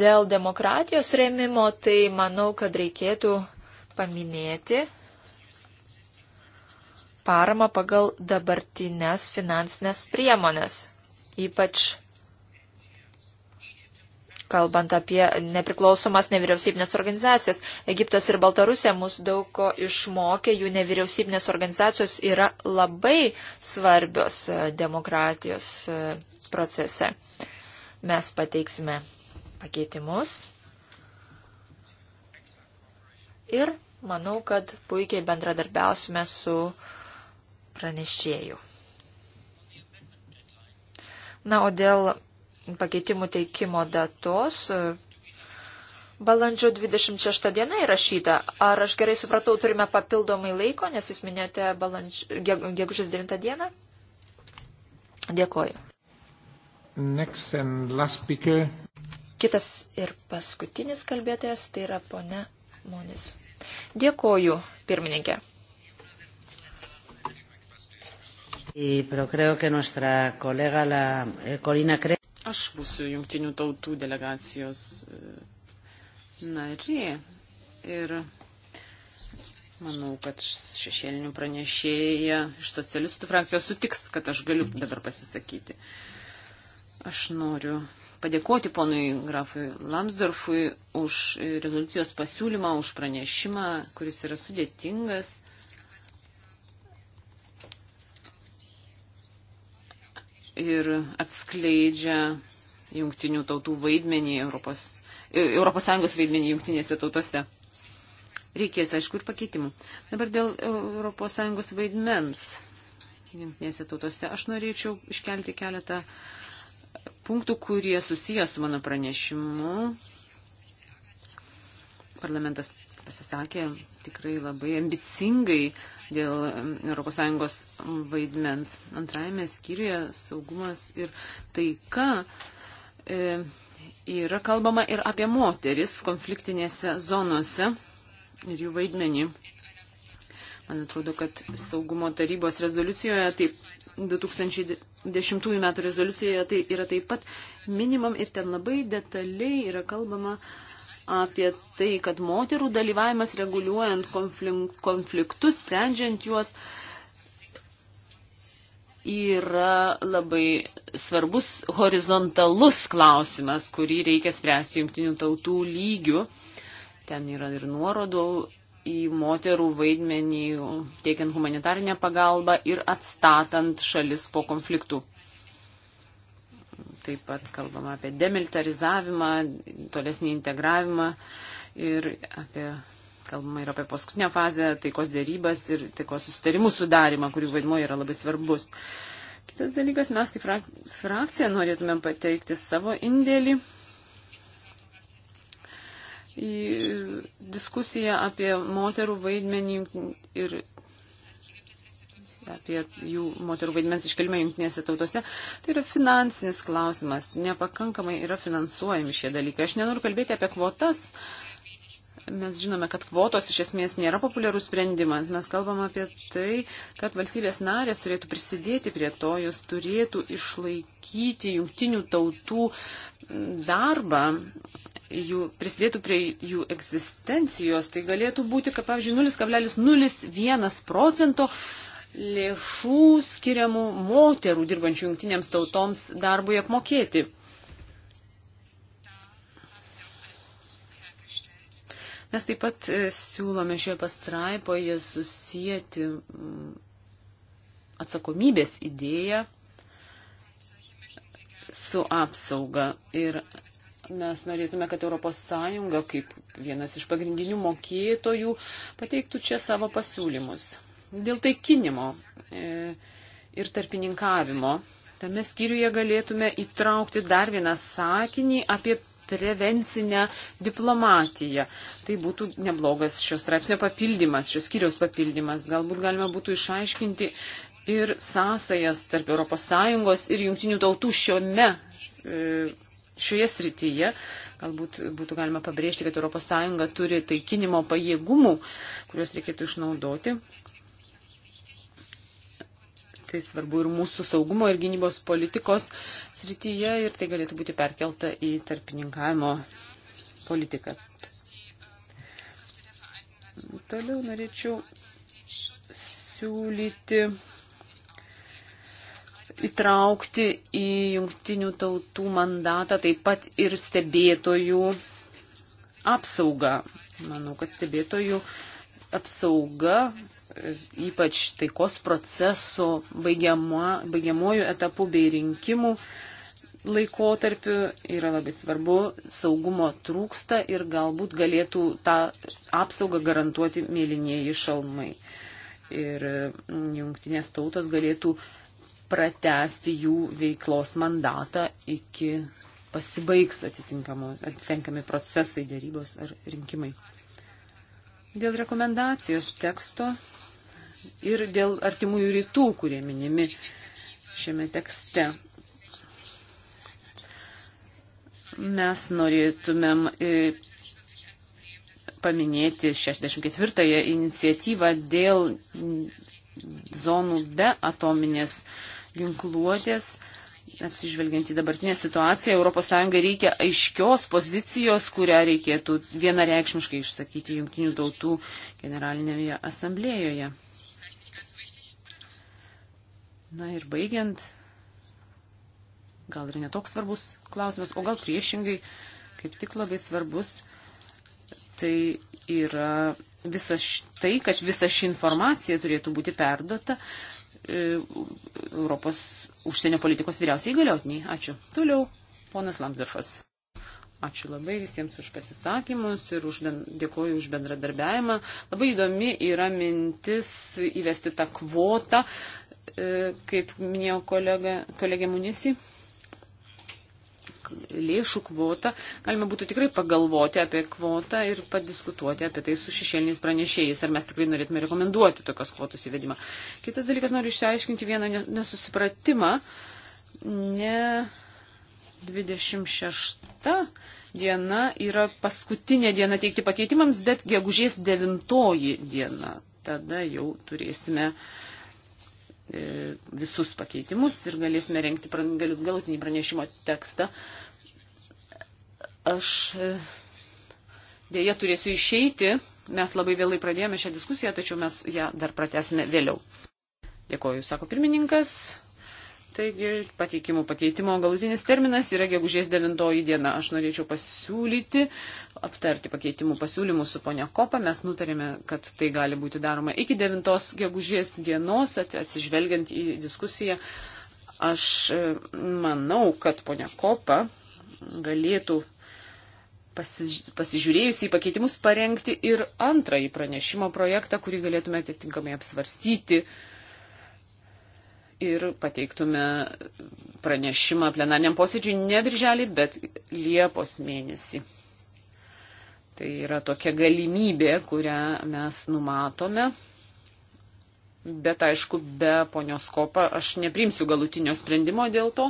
dėl demokratijos rėmimo, tai manau, kad reikėtų paminėti paramą pagal dabartinės finansinės priemonės, ypač kalbant apie nepriklausomas nevyriausybinės organizacijas. Egiptas ir Baltarusija mus daug ko išmokė, jų nevyriausybinės organizacijos yra labai svarbios e, demokratijos e, procese. Mes pateiksime pakeitimus. Ir manau, kad puikiai bendradarbiausime su uh, pranešėjų. Na, o dėl pakeitimų teikimo datos. Balandžio 26 diena įrašyta. Ar aš gerai supratau, turime papildomai laiko, nes jūs minėjote balandž... gegužės 9 dieną? Dėkoju. Kitas ir paskutinis kalbėtojas tai yra ponia Monis. Dėkoju, pirmininkė. Eh, aš būsiu jungtinių
tautų delegacijos e, narė ir manau, kad šešėlinių pranešėja iš socialistų frakcijos sutiks, kad aš galiu dabar pasisakyti. Aš noriu padėkoti ponui grafui Lamsdorfui už rezoliucijos pasiūlymą, už pranešimą, kuris yra sudėtingas ir atskleidžia jungtinių tautų vaidmenį Europos, e, Europos Sąjungos vaidmenį jungtinėse tautose. Reikės, aišku, ir pakeitimų. Dabar dėl Europos Sąjungos vaidmens jungtinėse tautose aš norėčiau iškelti keletą punktų, kurie susijęs su mano pranešimu. Parlamentas pasisakė tikrai labai ambicingai dėl ES vaidmens. Antrajame skyriuje saugumas ir taika e, yra kalbama ir apie moteris konfliktinėse zonose ir jų vaidmenį. Man atrodo, kad saugumo tarybos rezoliucijoje, taip 2010 metų rezoliucijoje tai yra taip pat minimam ir ten labai detaliai yra kalbama apie tai, kad moterų dalyvavimas reguliuojant konfliktus, sprendžiant juos, yra labai svarbus horizontalus klausimas, kurį reikia spręsti jungtinių tautų lygių. Ten yra ir nuorodų į moterų vaidmenį teikiant humanitarinę pagalbą ir atstatant šalis po konfliktų taip pat kalbama apie demilitarizavimą, tolesnį integravimą ir apie, kalbama ir apie paskutinę fazę, taikos dėrybas ir taikos susitarimų sudarimą, kurių vaidmo yra labai svarbus. Kitas dalykas, mes kaip frakcija norėtumėm pateikti savo indėlį į diskusiją apie moterų vaidmenį ir apie jų moterų vaidmens iškelimą jungtinėse tautose, tai yra finansinis klausimas. Nepakankamai yra finansuojami šie dalykai. Aš nenoriu kalbėti apie kvotas. Mes žinome, kad kvotos iš esmės nėra populiarus sprendimas. Mes kalbam apie tai, kad valstybės narės turėtų prisidėti prie to, jos turėtų išlaikyti jungtinių tautų darbą, jų, prisidėtų prie jų egzistencijos. Tai galėtų būti, kad, pavyzdžiui, 0,01 procento lėšų skiriamų moterų dirbančių jungtinėms tautoms darbui apmokėti. Mes taip pat e, siūlome šioje pastraipoje susijęti mm, atsakomybės idėją su apsauga. Ir mes norėtume, kad ES kaip vienas iš pagrindinių mokėtojų pateiktų čia savo pasiūlymus dėl taikinimo e, ir tarpininkavimo. Tame skyriuje galėtume įtraukti dar vieną sakinį apie prevencinę diplomatiją. Tai būtų neblogas šios straipsnio papildymas, šios skyriaus papildymas. Galbūt galima būtų išaiškinti ir sąsajas tarp ES ir jungtinių tautų šiame, e, šioje srityje. Galbūt būtų galima pabrėžti, kad ES turi taikinimo pajėgumų, kuriuos reikėtų išnaudoti tikrai svarbu ir mūsų saugumo ir gynybos politikos srityje ir tai galėtų būti perkelta į tarpininkavimo politiką. Toliau norėčiau siūlyti įtraukti į jungtinių tautų mandatą taip pat ir stebėtojų apsaugą. Manau, kad stebėtojų apsauga ypač taikos proceso baigiama, baigiamuoju etapu bei rinkimų laikotarpiu yra labai svarbu, saugumo trūksta ir galbūt galėtų tą apsaugą garantuoti mėlynieji šalmai. Ir mm, jungtinės tautos galėtų pratesti jų veiklos mandatą iki pasibaigs atitinkami procesai, dėrybos ar rinkimai. Dėl rekomendacijos teksto ir dėl artimųjų rytų, kurie minimi šiame tekste. Mes norėtumėm e, paminėti 64-ąją iniciatyvą dėl zonų be atominės ginkluotės. Atsižvelgiant į dabartinę situaciją, ES reikia aiškios pozicijos, kurią reikėtų vienareikšmiškai išsakyti Junktinių tautų generalinėje asamblėjoje. Na ir baigiant, gal ir netoks svarbus klausimas, o gal priešingai, kaip tik labai svarbus, tai yra visas tai, kad visa ši informacija turėtų būti perdota e, Europos užsienio politikos vyriausiai įgaliotiniai. Ačiū. Toliau, ponas Lamsdorfas. Ačiū labai visiems už pasisakymus ir už, dėkoju už bendradarbiavimą. Labai įdomi yra mintis įvesti tą kvotą E, kaip minėjo kolega, kolegė Munisi, lėšų kvotą, galima būtų tikrai pagalvoti apie kvotą ir padiskutuoti apie tai su šešėliniais pranešėjais, ar mes tikrai norėtume rekomenduoti tokios kvotos įvedimą. Kitas dalykas, noriu išsiaiškinti vieną nesusipratimą. Ne 26 diena yra paskutinė diena teikti pakeitimams, bet gegužės 9 diena. Tada jau turėsime uh, E, visus pakeitimus ir galėsime renkti galutinį pranešimo tekstą. Aš e, dėja turėsiu išeiti, mes labai vėlai pradėjome šią diskusiją, tačiau mes ją dar pratesime vėliau. Dėkoju, sako pirmininkas. Taigi pateikimo pakeitimo galutinis terminas yra gegužės 9 diena. Aš norėčiau pasiūlyti, aptarti pakeitimų pasiūlymus su ponia Kopa. Mes nutarėme, kad tai gali būti daroma iki 9 gegužės dienos, atsižvelgiant į diskusiją. Aš e, manau, kad ponia Kopa galėtų pasižiūrėjus į pakeitimus parengti ir antrąjį pranešimo projektą, kurį galėtume atitinkamai apsvarstyti. Uh, ir pateiktume pranešimą plenariniam posėdžiui ne birželį, bet Liepos mėnesį. Tai yra tokia galimybė, kurią mes numatome. Bet aišku, be ponios kopą aš neprimsiu galutinio sprendimo dėl to.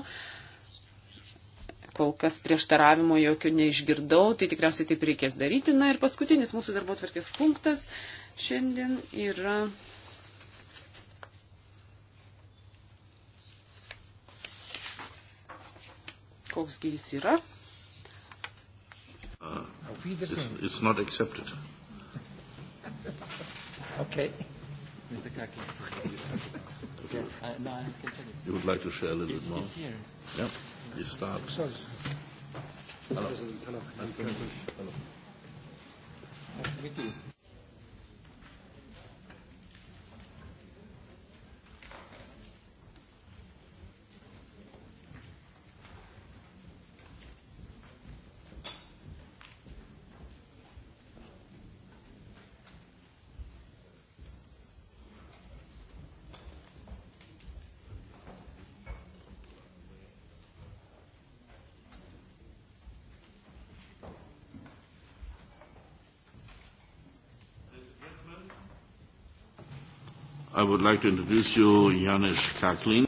Kol kas prieštaravimo jokių neišgirdau, tai tikriausiai taip reikės daryti. Na ir paskutinis mūsų darbo tvarkės punktas šiandien yra koksgi jis yra. Uh, it's, it's
not accepted.
okay. Mr. Kakis. yes, I, no, I can tell you. You would like to share a little he's, bit more? He's here.
Yeah, he starts. Sorry. Hello. Hello. Hello. Hello. Hello. Hello. I would like to introduce you Janis Kaklin.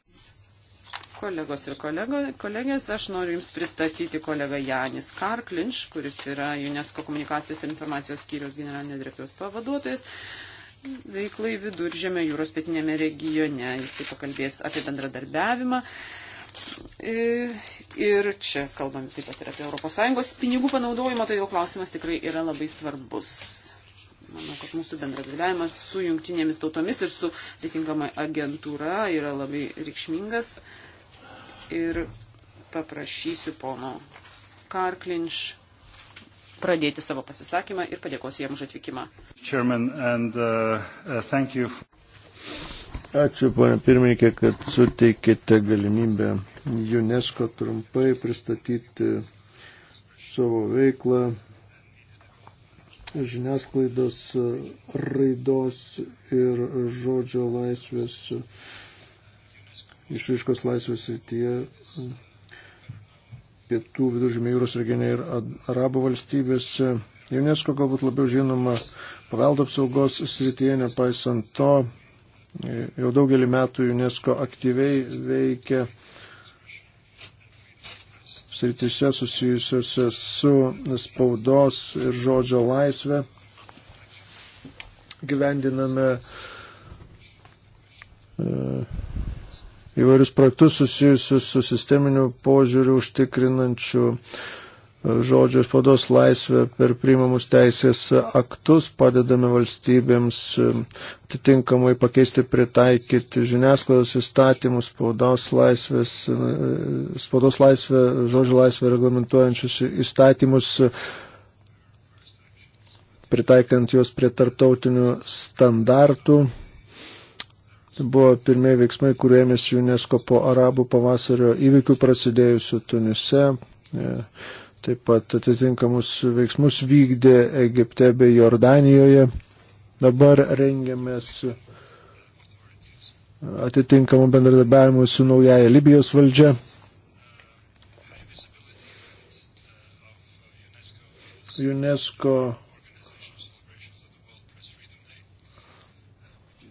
Kolegos ir kolego, kolegės, aš noriu Jums pristatyti kolegą Janis Karklinš, kuris yra UNESCO komunikacijos ir informacijos skyriaus generalinio direktoriaus pavaduotojas veiklai viduržėme jūros pietinėme regione. Jisai pakalbės apie bendradarbiavimą. E, ir čia kalbame taip pat ir apie ES pinigų panaudojimą, todėl klausimas tikrai yra labai svarbus. Manau, kad mūsų bendradarbiavimas su jungtinėmis tautomis ir su atitinkama agentūra yra labai reikšmingas. Ir paprašysiu pono Karklinš pradėti savo pasisakymą ir padėkosiu jam už atvykimą.
Chairman, and, uh, uh, Ačiū, ponė pirmininkė, kad suteikėte galimybę UNESCO trumpai pristatyti savo veiklą žiniasklaidos e, raidos ir žodžio laisvės, išviškos laisvės rytyje pietų viduržymė jūros regione ir arabo valstybėse. UNESCO galbūt labiau žinoma paveldo apsaugos srityje, nepaisant to, e, jau daugelį metų UNESCO aktyviai veikia sritise susijusiuose su spaudos ir žodžio laisvė. Gyvendiname e, įvairius projektus susijusius su sisteminiu požiūriu užtikrinančiu uh, žodžio spaudos laisvę per priimamus teisės aktus, padedame valstybėms um, atitinkamai pakeisti, pritaikyti žiniasklaidos įstatymus, spaudos, laisvės, uh, spaudos laisvę, žodžio laisvę reglamentuojančius įstatymus, pritaikant juos prie tarptautinių standartų. Tai buvo pirmieji veiksmai, kurie ėmėsi UNESCO po arabų pavasario įvykių prasidėjusių Tunise. Yeah taip pat atitinkamus veiksmus vykdė Egipte bei Jordanijoje. Dabar rengiamės atitinkamų bendradarbiavimų su naujaja Libijos valdžia. UNESCO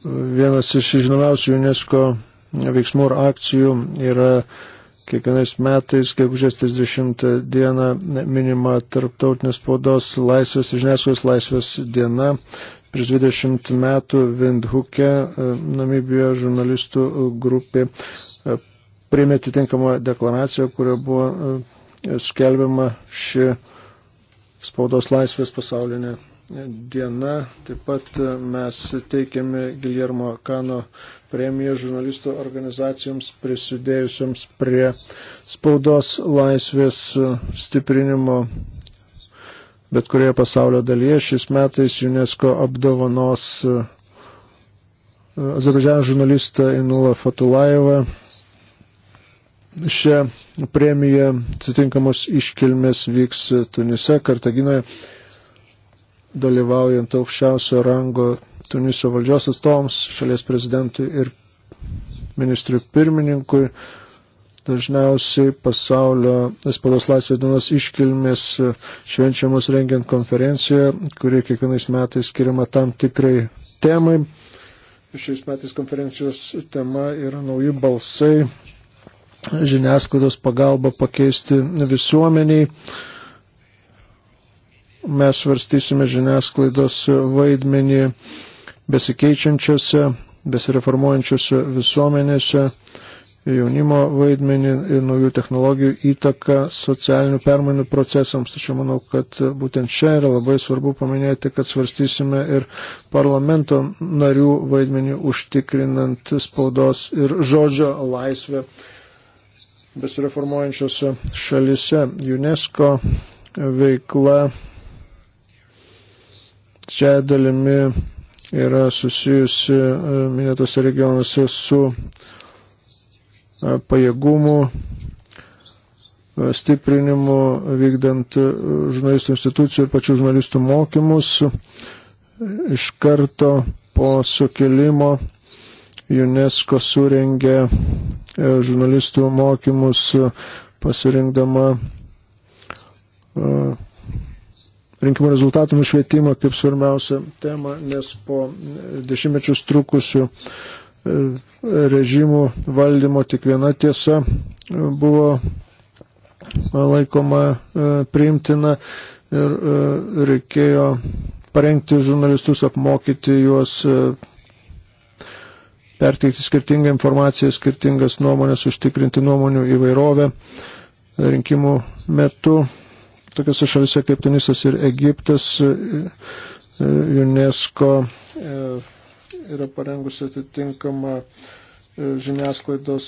vienas iš žinomiausių UNESCO veiksmų ir akcijų yra Kiekvienais metais, gegužės 30 dieną, minima tarptautinės spaudos laisvės ir žiniasklaidos laisvės diena. Prieš 20 metų Vindhuke, Namibijoje žurnalistų grupė e, priėmė atitinkamą deklaraciją, kurio buvo e, skelbiama ši spaudos laisvės pasaulinė diena. Taip pat e, mes teikėme Giljermo Kano premiją žurnalistų organizacijoms prisidėjusiams prie spaudos laisvės stiprinimo bet kurioje pasaulio dalyje. Šis metais UNESCO apdovanos e, Azerbaidžiano žurnalistą Inulą Fatulaevą. Šią premiją atsitinkamos iškilmės vyks Tunise, Kartaginoje dalyvaujant aukščiausio rango Tuniso valdžios atstovams, šalies prezidentui ir ministrui pirmininkui. Dažniausiai pasaulio spaudos laisvės dienos iškilmės švenčiamos rengiant konferenciją, kuri kiekvienais metais skiriama tam tikrai temai. Šiais metais konferencijos tema yra nauji balsai žiniasklaidos pagalba pakeisti visuomeniai mes svarstysime žiniasklaidos vaidmenį besikeičiančiose, besireformuojančiose visuomenėse, jaunimo vaidmenį ir naujų technologijų įtaką socialinių permainų procesams. Tačiau manau, kad būtent čia yra labai svarbu paminėti, kad svarstysime ir parlamento narių vaidmenį užtikrinant spaudos ir žodžio laisvę besireformuojančiose šalise. UNESCO veikla čia dalimi yra susijusi e, minėtose regionuose su e, pajėgumų e, stiprinimu, vykdant žurnalistų institucijų ir pačių žurnalistų mokymus. Iš karto po sukilimo UNESCO surengė žurnalistų mokymus pasirinkdama rinkimų rezultatų nušvietimą kaip svarbiausią temą, nes po dešimtmečius trukusių e, režimų valdymo tik viena tiesa e, buvo e, laikoma priimtina ir reikėjo parengti žurnalistus, apmokyti juos, perteikti skirtingą informaciją, skirtingas nuomonės, užtikrinti nuomonių įvairovę rinkimų metu tokiuose šalise kaip Tunisas ir Egiptas. E, e, UNESCO e, yra parengusi atitinkamą žiniasklaidos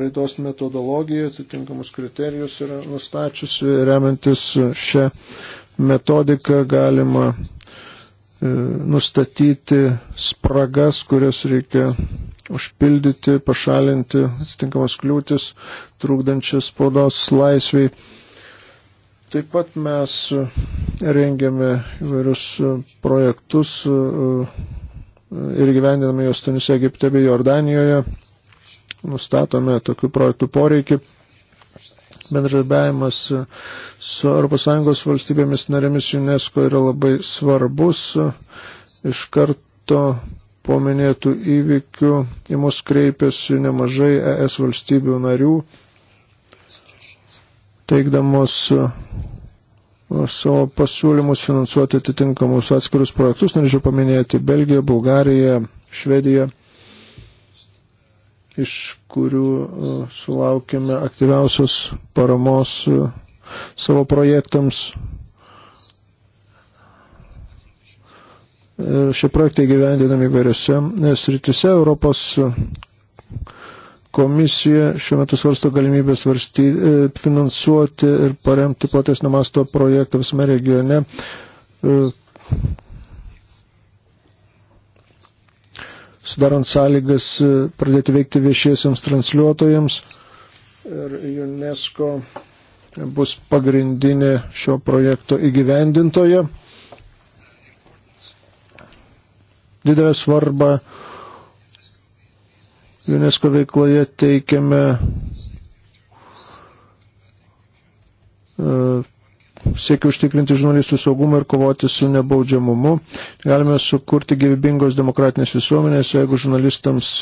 raidos metodologiją, atitinkamus kriterijus yra nustačiusi, remiantis šią metodiką galima nustatyti spragas, kurias reikia užpildyti, pašalinti atitinkamas kliūtis, trūkdančias spaudos laisviai. Taip pat mes e, rengiame įvairius e, projektus e, ir gyvendiname juos Tunise, Egipte bei Jordanijoje. Nustatome tokių projektų poreikį. Bendradarbiavimas su ES valstybėmis narėmis UNESCO yra labai svarbus. Iš karto po minėtų įvykių į mus kreipėsi nemažai ES valstybių narių teikdamos e, savo pasiūlymus finansuoti atitinkamus atskirus projektus. Norėčiau paminėti Belgiją, Bulgariją, Švediją, iš kurių e, sulaukime aktyviausios paramos e, savo projektams. Šie projektai gyvendinami įvairiose sritise Europos Komisija šiuo metu svarsto galimybę svarsty, e, finansuoti ir paremti platesnio masto projektą visame regione. E, sudarant sąlygas e, pradėti veikti viešiesiams transliuotojams ir UNESCO bus pagrindinė šio projekto įgyvendintoja. Didelę svarbą UNESCO veikloje teikiame e, siekia užtikrinti žurnalistų saugumą ir kovoti su nebaudžiamumu. Galime sukurti gyvybingos demokratinės visuomenės, jeigu žurnalistams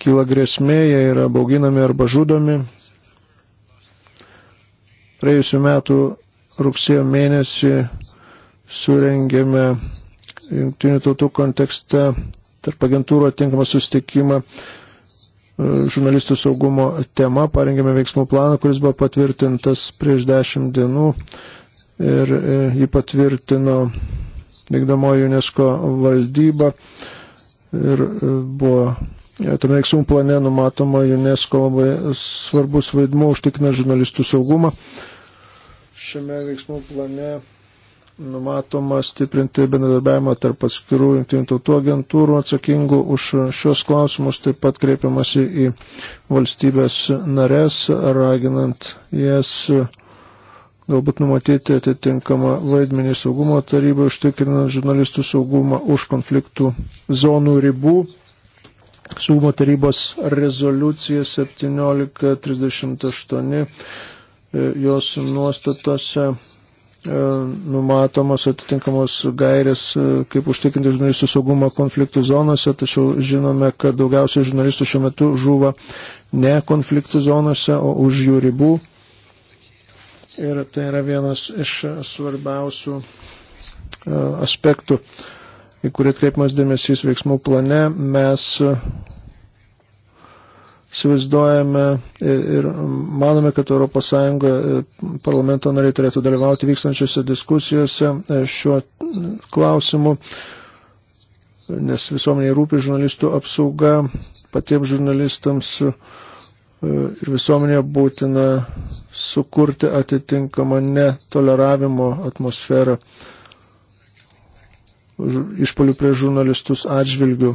kyla grėsmė, jie yra bauginami arba žudomi. Praėjusiu metu rugsėjo mėnesį surengėme Junktinių tautų kontekste tarp agentūrų atinkamą sustikimą e, žurnalistų saugumo tema. Parengėme veiksmų planą, kuris buvo patvirtintas prieš dešimt dienų ir e, jį patvirtino vykdomoji UNESCO valdyba ir e, buvo tame veiksmų plane numatoma UNESCO labai svarbus vaidmuo užtikrina žurnalistų saugumą. Šiame veiksmų plane numatoma stiprinti bendradarbiavimą tarp atskirų jungtinių tautų agentūrų atsakingų už šios klausimus, taip pat kreipiamasi į valstybės narės, raginant jas galbūt numatyti atitinkamą vaidmenį saugumo tarybą, užtikrinant žurnalistų saugumą už konfliktų zonų ribų. Saugumo tarybos rezoliucija 1738 e, jos nuostatose E, numatomos atitinkamos gairės, e, kaip užtikrinti žurnalistų saugumą konfliktų zonose, tačiau žinome, kad daugiausiai žurnalistų šiuo metu žuva ne konfliktų zonose, o už jų ribų. Ir tai yra vienas iš svarbiausių e, aspektų, į kurį atkreipimas dėmesys veiksmų plane. Mes įsivaizduojame ir, ir manome, kad ES e, parlamento nariai turėtų dalyvauti vykstančiose diskusijose e, šiuo klausimu, nes visuomeniai rūpi žurnalistų apsauga, patiems žurnalistams e, ir visuomenė būtina sukurti atitinkamą netoleravimo atmosferą išpolių prie žurnalistus atžvilgių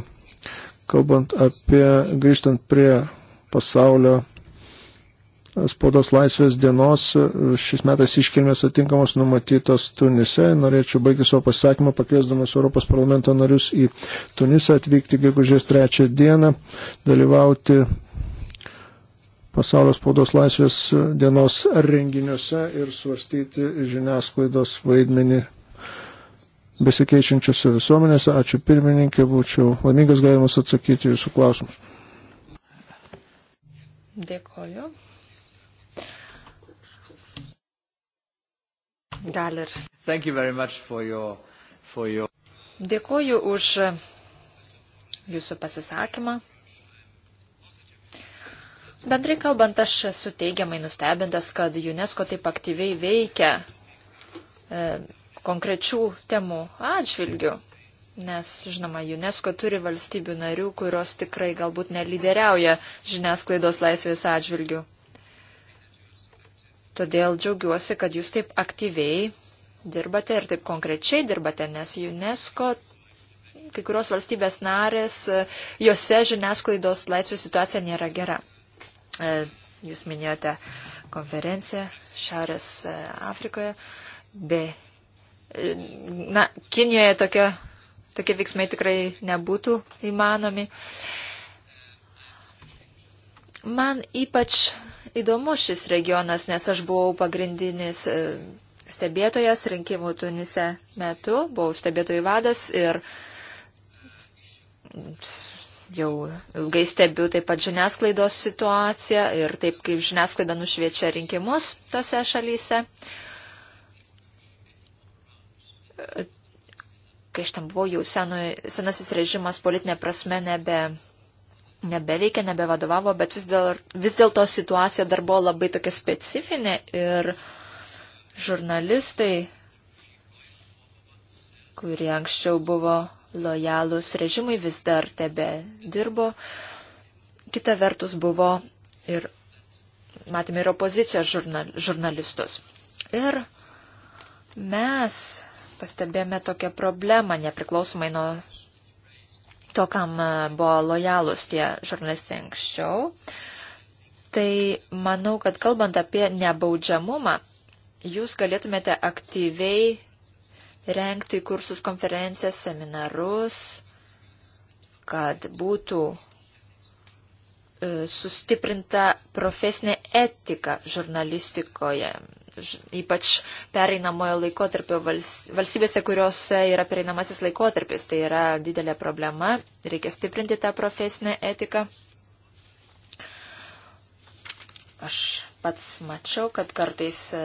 kalbant apie, grįžtant prie pasaulio e, spaudos laisvės dienos e, šis metas iškilmės atinkamos numatytos Tunise. Norėčiau baigti savo pasakymą pakviesdamas Europos parlamento narius į Tunisą atvykti gegužės trečią dieną, dalyvauti pasaulio spaudos laisvės dienos renginiuose ir svarstyti žiniasklaidos vaidmenį besikeičiančiose visuomenėse. Ačiū pirmininkė, būčiau laimingas galimas atsakyti jūsų klausimus.
Dėkoju. Gal ir. Thank you very much for your, for your... Dėkoju už jūsų pasisakymą. Bendrai kalbant, aš esu teigiamai nustebintas, kad UNESCO taip aktyviai veikia e, konkrečių temų atžvilgių. Nes, žinoma, UNESCO turi valstybių narių, kurios tikrai galbūt nelyderiauja žiniasklaidos laisvės atžvilgių. Todėl džiaugiuosi, kad jūs taip aktyviai dirbate ir taip konkrečiai dirbate, nes UNESCO kai kurios valstybės narės, jose žiniasklaidos laisvės situacija nėra gera. E, jūs minėjote konferenciją Šiaurės e, Afrikoje, be. E, na, Kinijoje tokia tokie veiksmai tikrai nebūtų įmanomi. Man ypač įdomu šis regionas, nes aš buvau pagrindinis e, stebėtojas rinkimų Tunise metu, buvau stebėtojų vadas ir jau ilgai stebiu taip pat žiniasklaidos situaciją ir taip kaip žiniasklaida nušviečia rinkimus tose šalyse kai aš ten buvau, jau senoj, senasis režimas politinė prasme nebe, nebeveikė, nebevadovavo, bet vis, dėl, vis dėlto situacija dar buvo labai tokia specifinė ir žurnalistai, kurie anksčiau buvo lojalūs režimui, vis dar tebe dirbo. Kita vertus buvo ir, matėme, ir opozicijos žurnal, žurnalistus. Ir mes pastebėjome tokią problemą, nepriklausomai nuo to, kam e, buvo lojalūs tie žurnalistai anksčiau. Tai manau, kad kalbant apie nebaudžiamumą, jūs galėtumėte aktyviai rengti kursus, konferencijas, seminarus, kad būtų e, sustiprinta profesinė etika žurnalistikoje, ypač pereinamojo laikotarpio valstybėse, kuriuose yra pereinamasis laikotarpis. Tai yra didelė problema, reikia stiprinti tą profesinę etiką. Aš pats mačiau, kad kartais e,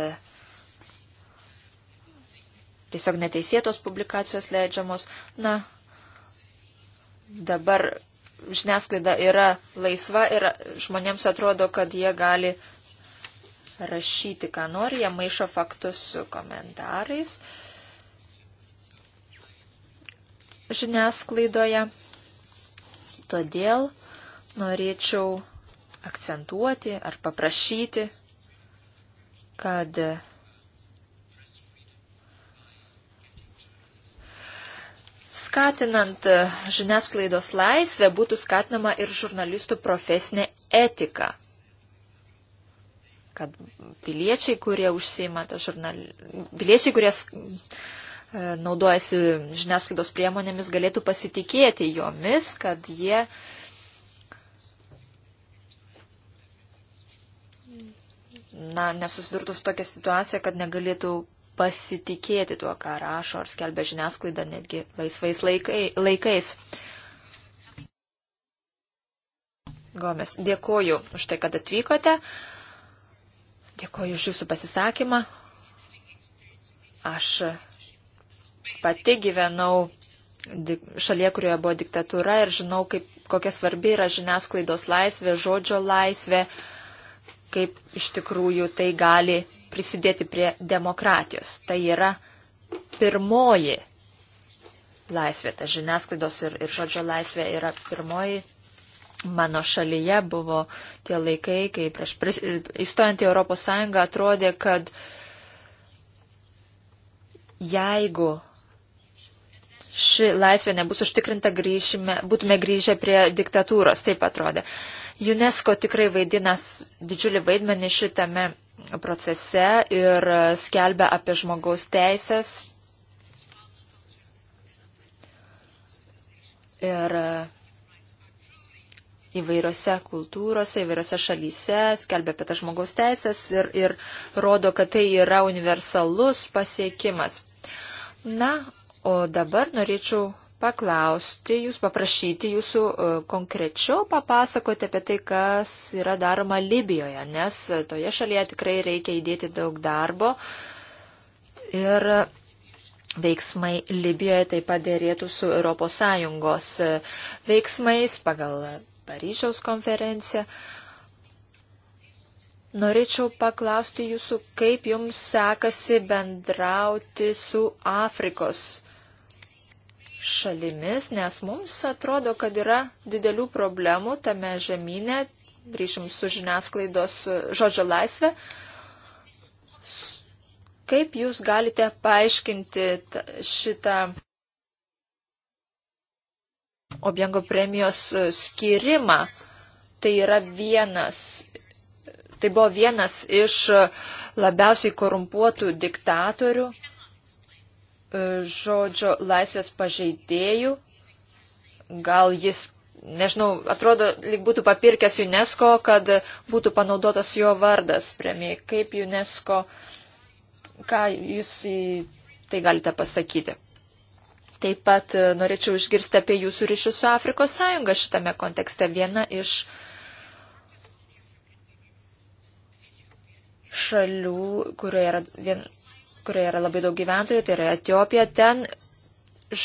tiesiog neteisėtos publikacijos leidžiamos. Na, dabar žiniasklaida yra laisva ir žmonėms atrodo, kad jie gali rašyti, ką nori, jie maišo faktus su komentarais žiniasklaidoje. Todėl norėčiau akcentuoti ar paprašyti, kad skatinant žiniasklaidos laisvę būtų skatinama ir žurnalistų profesinė etika kad piliečiai, kurie užsima tą žurnalį, piliečiai, kurie e, naudojasi žiniasklaidos priemonėmis, galėtų pasitikėti jomis, kad jie na, nesusidurtų su tokia situacija, kad negalėtų pasitikėti tuo, ką rašo ar skelbia žiniasklaida netgi laisvais laikai, laikais. Gomes, dėkoju už tai, kad atvykote. Dėkoju už Jūsų pasisakymą. Aš pati gyvenau šalyje, kurioje buvo diktatūra ir žinau, kaip, kokia svarbi yra žiniasklaidos laisvė, žodžio laisvė, kaip iš tikrųjų tai gali prisidėti prie demokratijos. Tai yra pirmoji laisvė, ta žiniasklaidos ir, ir žodžio laisvė yra pirmoji Mano šalyje buvo tie laikai, kai prieš įstojant į Europos Sąjungą atrodė, kad jeigu ši laisvė nebus užtikrinta, grįžime, būtume grįžę prie diktatūros, taip atrodė. UNESCO tikrai vaidina didžiulį vaidmenį šitame procese ir skelbia apie žmogaus teisės. Ir įvairiose kultūrose, įvairiose šalyse, skelbia apie tas žmogaus teisės ir, ir rodo, kad tai yra universalus pasiekimas. Na, o dabar norėčiau paklausti, jūs paprašyti jūsų e, konkrečiau papasakoti apie tai, kas yra daroma Libijoje, nes toje šalyje tikrai reikia įdėti daug darbo. Ir veiksmai Libijoje taip pat dėrėtų su ES e, veiksmais pagal Paryžiaus konferenciją. Norėčiau paklausti jūsų, kaip jums sekasi bendrauti su Afrikos šalimis, nes mums atrodo, kad yra didelių problemų tame žemynė, ryšim su žiniasklaidos žodžio laisvė. Kaip jūs galite paaiškinti šitą Objengo premijos e, skirimą. Tai yra vienas, tai buvo vienas iš e, labiausiai korumpuotų diktatorių, e, žodžio laisvės pažeidėjų. Gal jis, nežinau, atrodo, lyg būtų papirkęs UNESCO, kad būtų panaudotas jo vardas premijai. Kaip UNESCO, ką jūs į tai galite pasakyti? Taip pat e, norėčiau išgirsti apie jūsų ryšius su Afrikos sąjunga šitame kontekste. Viena iš šalių, kurioje yra, vien, kurioje yra labai daug gyventojų, tai yra Etiopija. Ten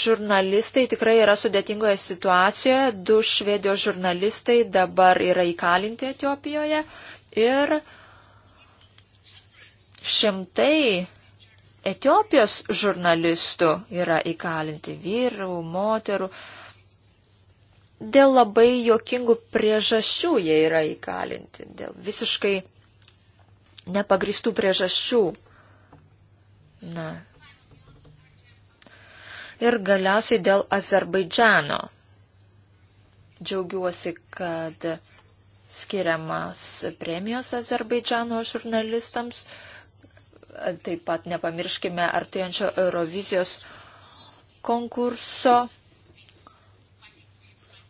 žurnalistai tikrai yra sudėtingoje situacijoje. Du švedijos žurnalistai dabar yra įkalinti Etiopijoje. Ir šimtai Etiopijos žurnalistų yra įkalinti vyrų, moterų. Dėl labai jokingų priežasčių jie yra įkalinti, dėl visiškai nepagristų priežasčių. Na. Ir galiausiai dėl Azerbaidžano. Džiaugiuosi, kad skiriamas premijos Azerbaidžano žurnalistams. Uh, Taip pat nepamirškime artėjančio Eurovizijos konkurso.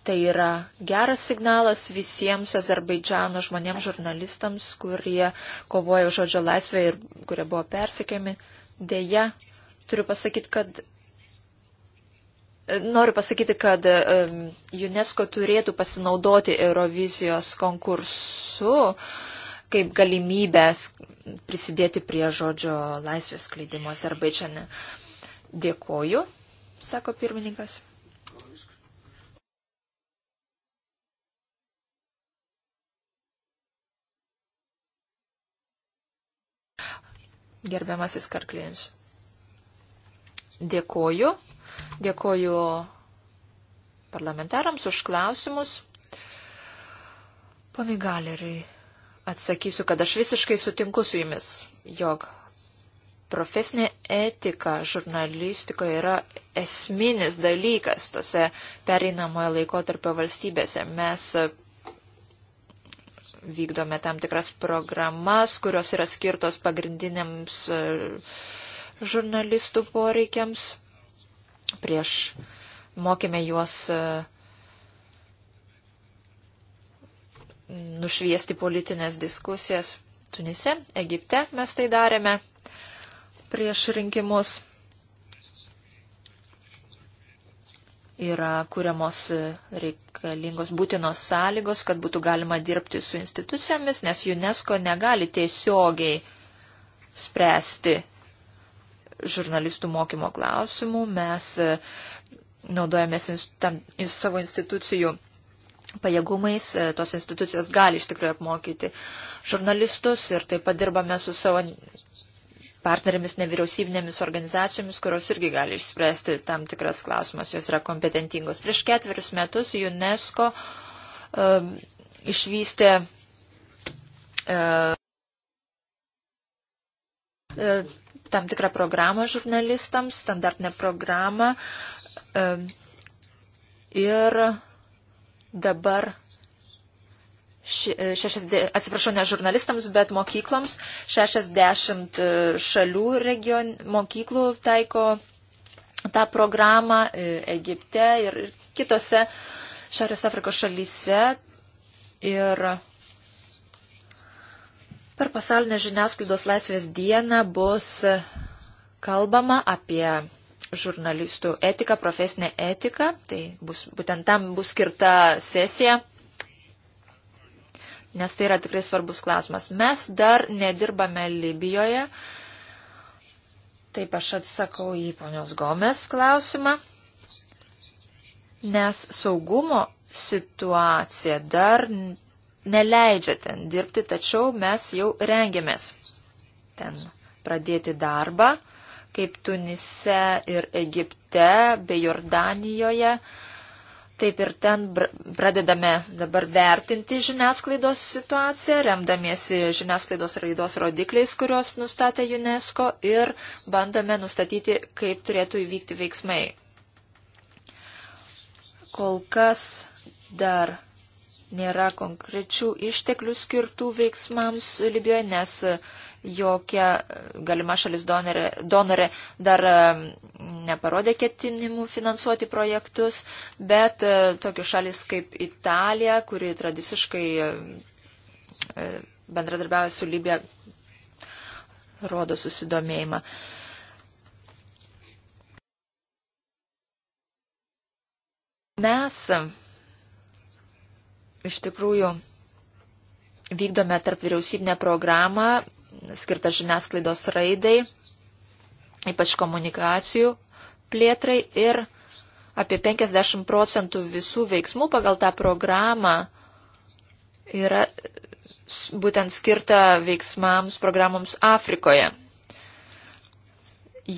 Tai yra geras signalas visiems Azerbaidžiano žmonėms žurnalistams, kurie kovoja už žodžio laisvę ir kurie buvo persekiami. Deja, turiu pasakyti, kad Noriu pasakyti, kad UNESCO turėtų pasinaudoti Eurovizijos konkursu, kaip galimybės prisidėti prie žodžio laisvės skleidimo Azerbaidžiane. Dėkoju, sako pirmininkas. Gerbiamasis Karklins. Dėkoju. Dėkoju parlamentarams už klausimus. Panai galeriai. Atsakysiu, kad aš visiškai sutinku su jumis, jog profesinė etika žurnalistikoje yra esminis dalykas tose pereinamojo laikotarpio valstybėse. Mes vykdome tam tikras programas, kurios yra skirtos pagrindiniams e, žurnalistų poreikiams. Prieš mokėme juos e, nušviesti politinės diskusijas Tunise, Egipte mes tai darėme prieš rinkimus. Yra kuriamos reikalingos būtinos sąlygos, kad būtų galima dirbti su institucijomis, nes UNESCO negali tiesiogiai spręsti žurnalistų mokymo klausimų. Mes naudojamės tam, savo institucijų pajėgumais e, tos institucijos gali iš tikrųjų apmokyti žurnalistus ir taip pat dirbame su savo partnerėmis nevyriausybinėmis organizacijomis, kurios irgi gali išspręsti tam tikras klausimas, jos yra kompetentingos. Prieš ketverius metus UNESCO um, išvystė uh, uh, tam tikrą programą žurnalistams, standartinę programą. Um, ir uh, dabar, e, šešiasde, atsiprašau, ne žurnalistams, bet mokykloms, 60 e, šalių region, mokyklų taiko tą programą e, Egipte ir kitose Šiaurės Afrikos šalyse. Ir per pasaulinę žiniasklaidos laisvės dieną bus kalbama apie žurnalistų etiką, profesinę etiką. Tai bus, būtent tam bus skirta sesija, nes tai yra tikrai svarbus klausimas. Mes dar nedirbame Libijoje. Taip aš atsakau į ponios Gomes klausimą, nes saugumo situacija dar neleidžia ten dirbti, tačiau mes jau rengiamės ten pradėti darbą kaip Tunise ir Egipte bei Jordanijoje. Taip ir ten pradedame dabar vertinti žiniasklaidos situaciją, remdamiesi žiniasklaidos raidos rodikliais, kuriuos nustatė UNESCO ir bandome nustatyti, kaip turėtų įvykti veiksmai. Kol kas dar nėra konkrečių išteklių skirtų veiksmams Libijoje, nes jokia galima šalis donorė, donorė dar neparodė ketinimų finansuoti projektus, bet e, tokius šalis kaip Italija, kuri tradiciškai e, bendradarbiavo su Libija, rodo susidomėjimą. Mes iš tikrųjų vykdome tarp vyriausybinę programą skirtas žiniasklaidos raidai, ypač komunikacijų plėtrai ir apie 50 procentų visų veiksmų pagal tą programą yra būtent skirta veiksmams, programoms Afrikoje.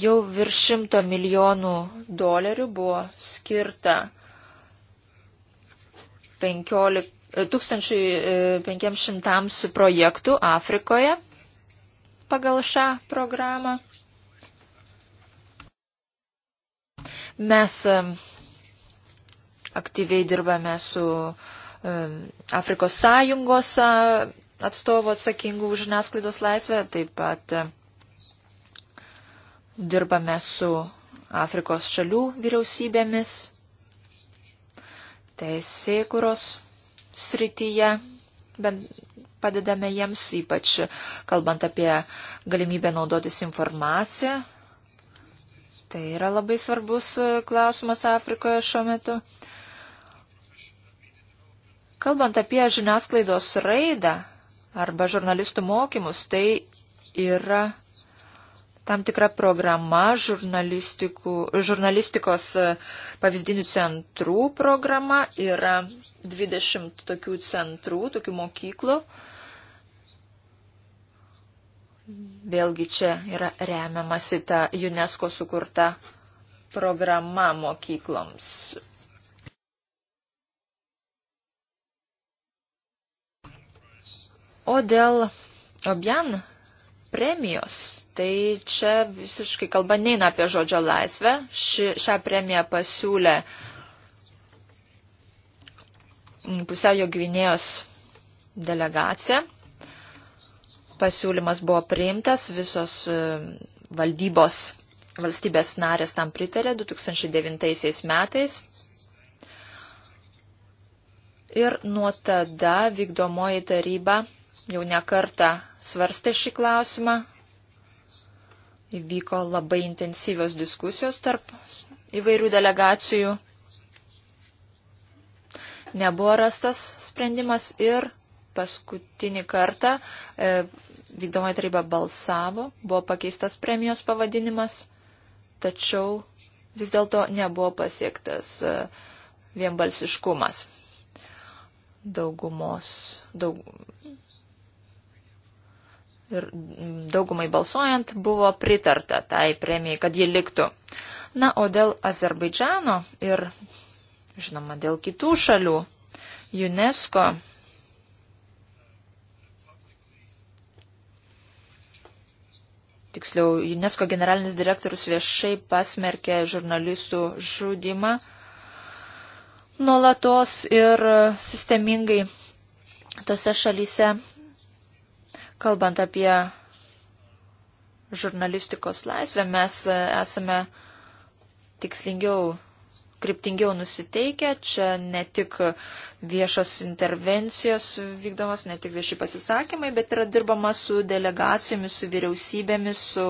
Jau virš šimto milijonų dolerių buvo skirta 15, 1500 e, projektų Afrikoje pagal šią programą. Mes aktyviai dirbame su Afrikos sąjungos atstovų atsakingų už žiniasklaidos laisvę, taip pat dirbame su Afrikos šalių vyriausybėmis, teisėkuros srityje, bent padedame jiems, ypač kalbant apie galimybę naudotis informaciją. Tai yra labai svarbus e, klausimas Afrikoje šiuo metu. Kalbant apie žiniasklaidos raidą arba žurnalistų mokymus, tai yra tam tikra programa, žurnalistikos e, pavyzdinių centrų programa, yra 20 tokių centrų, tokių mokyklų. Vėlgi čia yra remiamasi ta UNESCO sukurta programa mokykloms. O dėl Objan premijos, tai čia visiškai kalba neina apie žodžio laisvę. Ši, šią premiją pasiūlė pusiaujo Gvinėjos delegacija. Pasiūlymas buvo priimtas, visos e, valdybos valstybės narės tam pritarė 2009 metais. Ir nuo tada vykdomoji taryba jau nekarta svarstė šį klausimą. Įvyko labai intensyvios diskusijos tarp įvairių delegacijų. Nebuvo rastas sprendimas ir paskutinį kartą e, vykdomoji taryba balsavo, buvo pakeistas premijos pavadinimas, tačiau vis dėlto nebuvo pasiektas e, vienbalsiškumas. Daugumos, daug, ir daugumai balsuojant buvo pritarta tai premijai, kad ji liktų. Na, o dėl Azerbaidžano ir, žinoma, dėl kitų šalių UNESCO tiksliau UNESCO generalinis direktorius viešai pasmerkė žurnalistų žudimą nuolatos ir sistemingai tose šalyse, kalbant apie žurnalistikos laisvę, mes esame tikslingiau kryptingiau nusiteikę. Čia ne tik viešos intervencijos vykdomos, ne tik vieši pasisakymai, bet yra dirbama su delegacijomis, su vyriausybėmis, su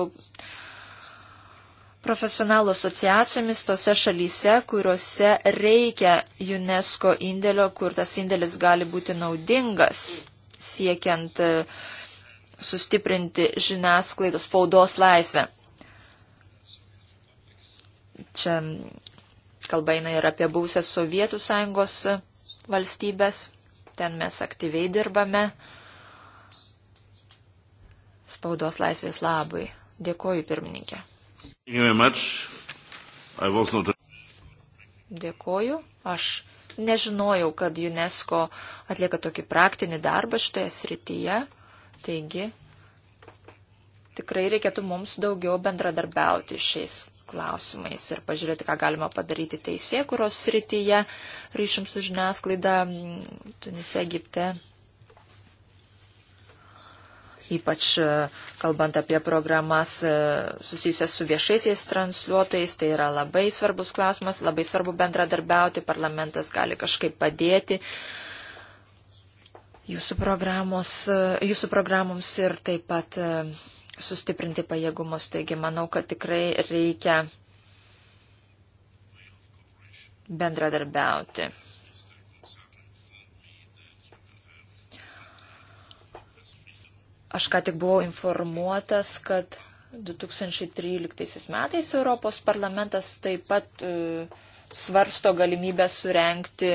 profesionalų asociacijomis tose šalyse, kuriuose reikia UNESCO indėlio, kur tas indėlis gali būti naudingas, siekiant e, sustiprinti žiniasklaidos spaudos laisvę. Čia Kalba eina ir apie buvusią Sovietų sąjungos valstybės. Ten mes aktyviai dirbame spaudos laisvės labui. Dėkoju, pirmininkė. Dėkoju. Aš nežinojau, kad UNESCO atlieka tokį praktinį darbą šitoje srityje. Taigi, tikrai reikėtų mums daugiau bendradarbiauti šiais klausimais ir pažiūrėti, ką galima padaryti teisė, kurios srityje ryšim su žiniasklaida Tunise, Egipte. Ypač e, kalbant apie programas e, susijusias su viešaisiais transliuotojais, tai yra labai svarbus klausimas, labai svarbu bendradarbiauti, parlamentas gali kažkaip padėti jūsų, e, jūsų programoms ir taip pat sustiprinti pajėgumus. Taigi manau, kad tikrai reikia bendradarbiauti. Aš ką tik buvau informuotas, kad 2013 metais Europos parlamentas taip pat uh, svarsto galimybę surenkti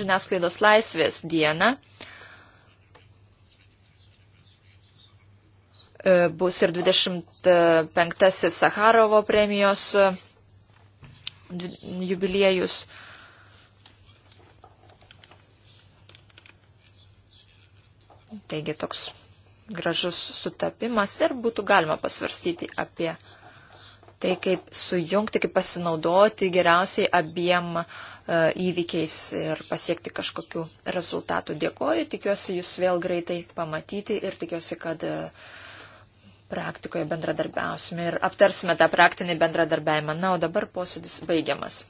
žiniasklaidos laisvės dieną. Uh, E, bus ir 25-asis Sakarovo premijos e, jubiliejus. Taigi toks gražus sutapimas ir būtų galima pasvarstyti apie tai, kaip sujungti, kaip pasinaudoti geriausiai abiem e, įvykiais ir pasiekti kažkokių rezultatų. Dėkoju, tikiuosi jūs vėl greitai pamatyti ir tikiuosi, kad e, praktikoje bendradarbiausime ir aptarsime tą praktinį bendradarbiavimą. Na, o dabar posėdis baigiamas.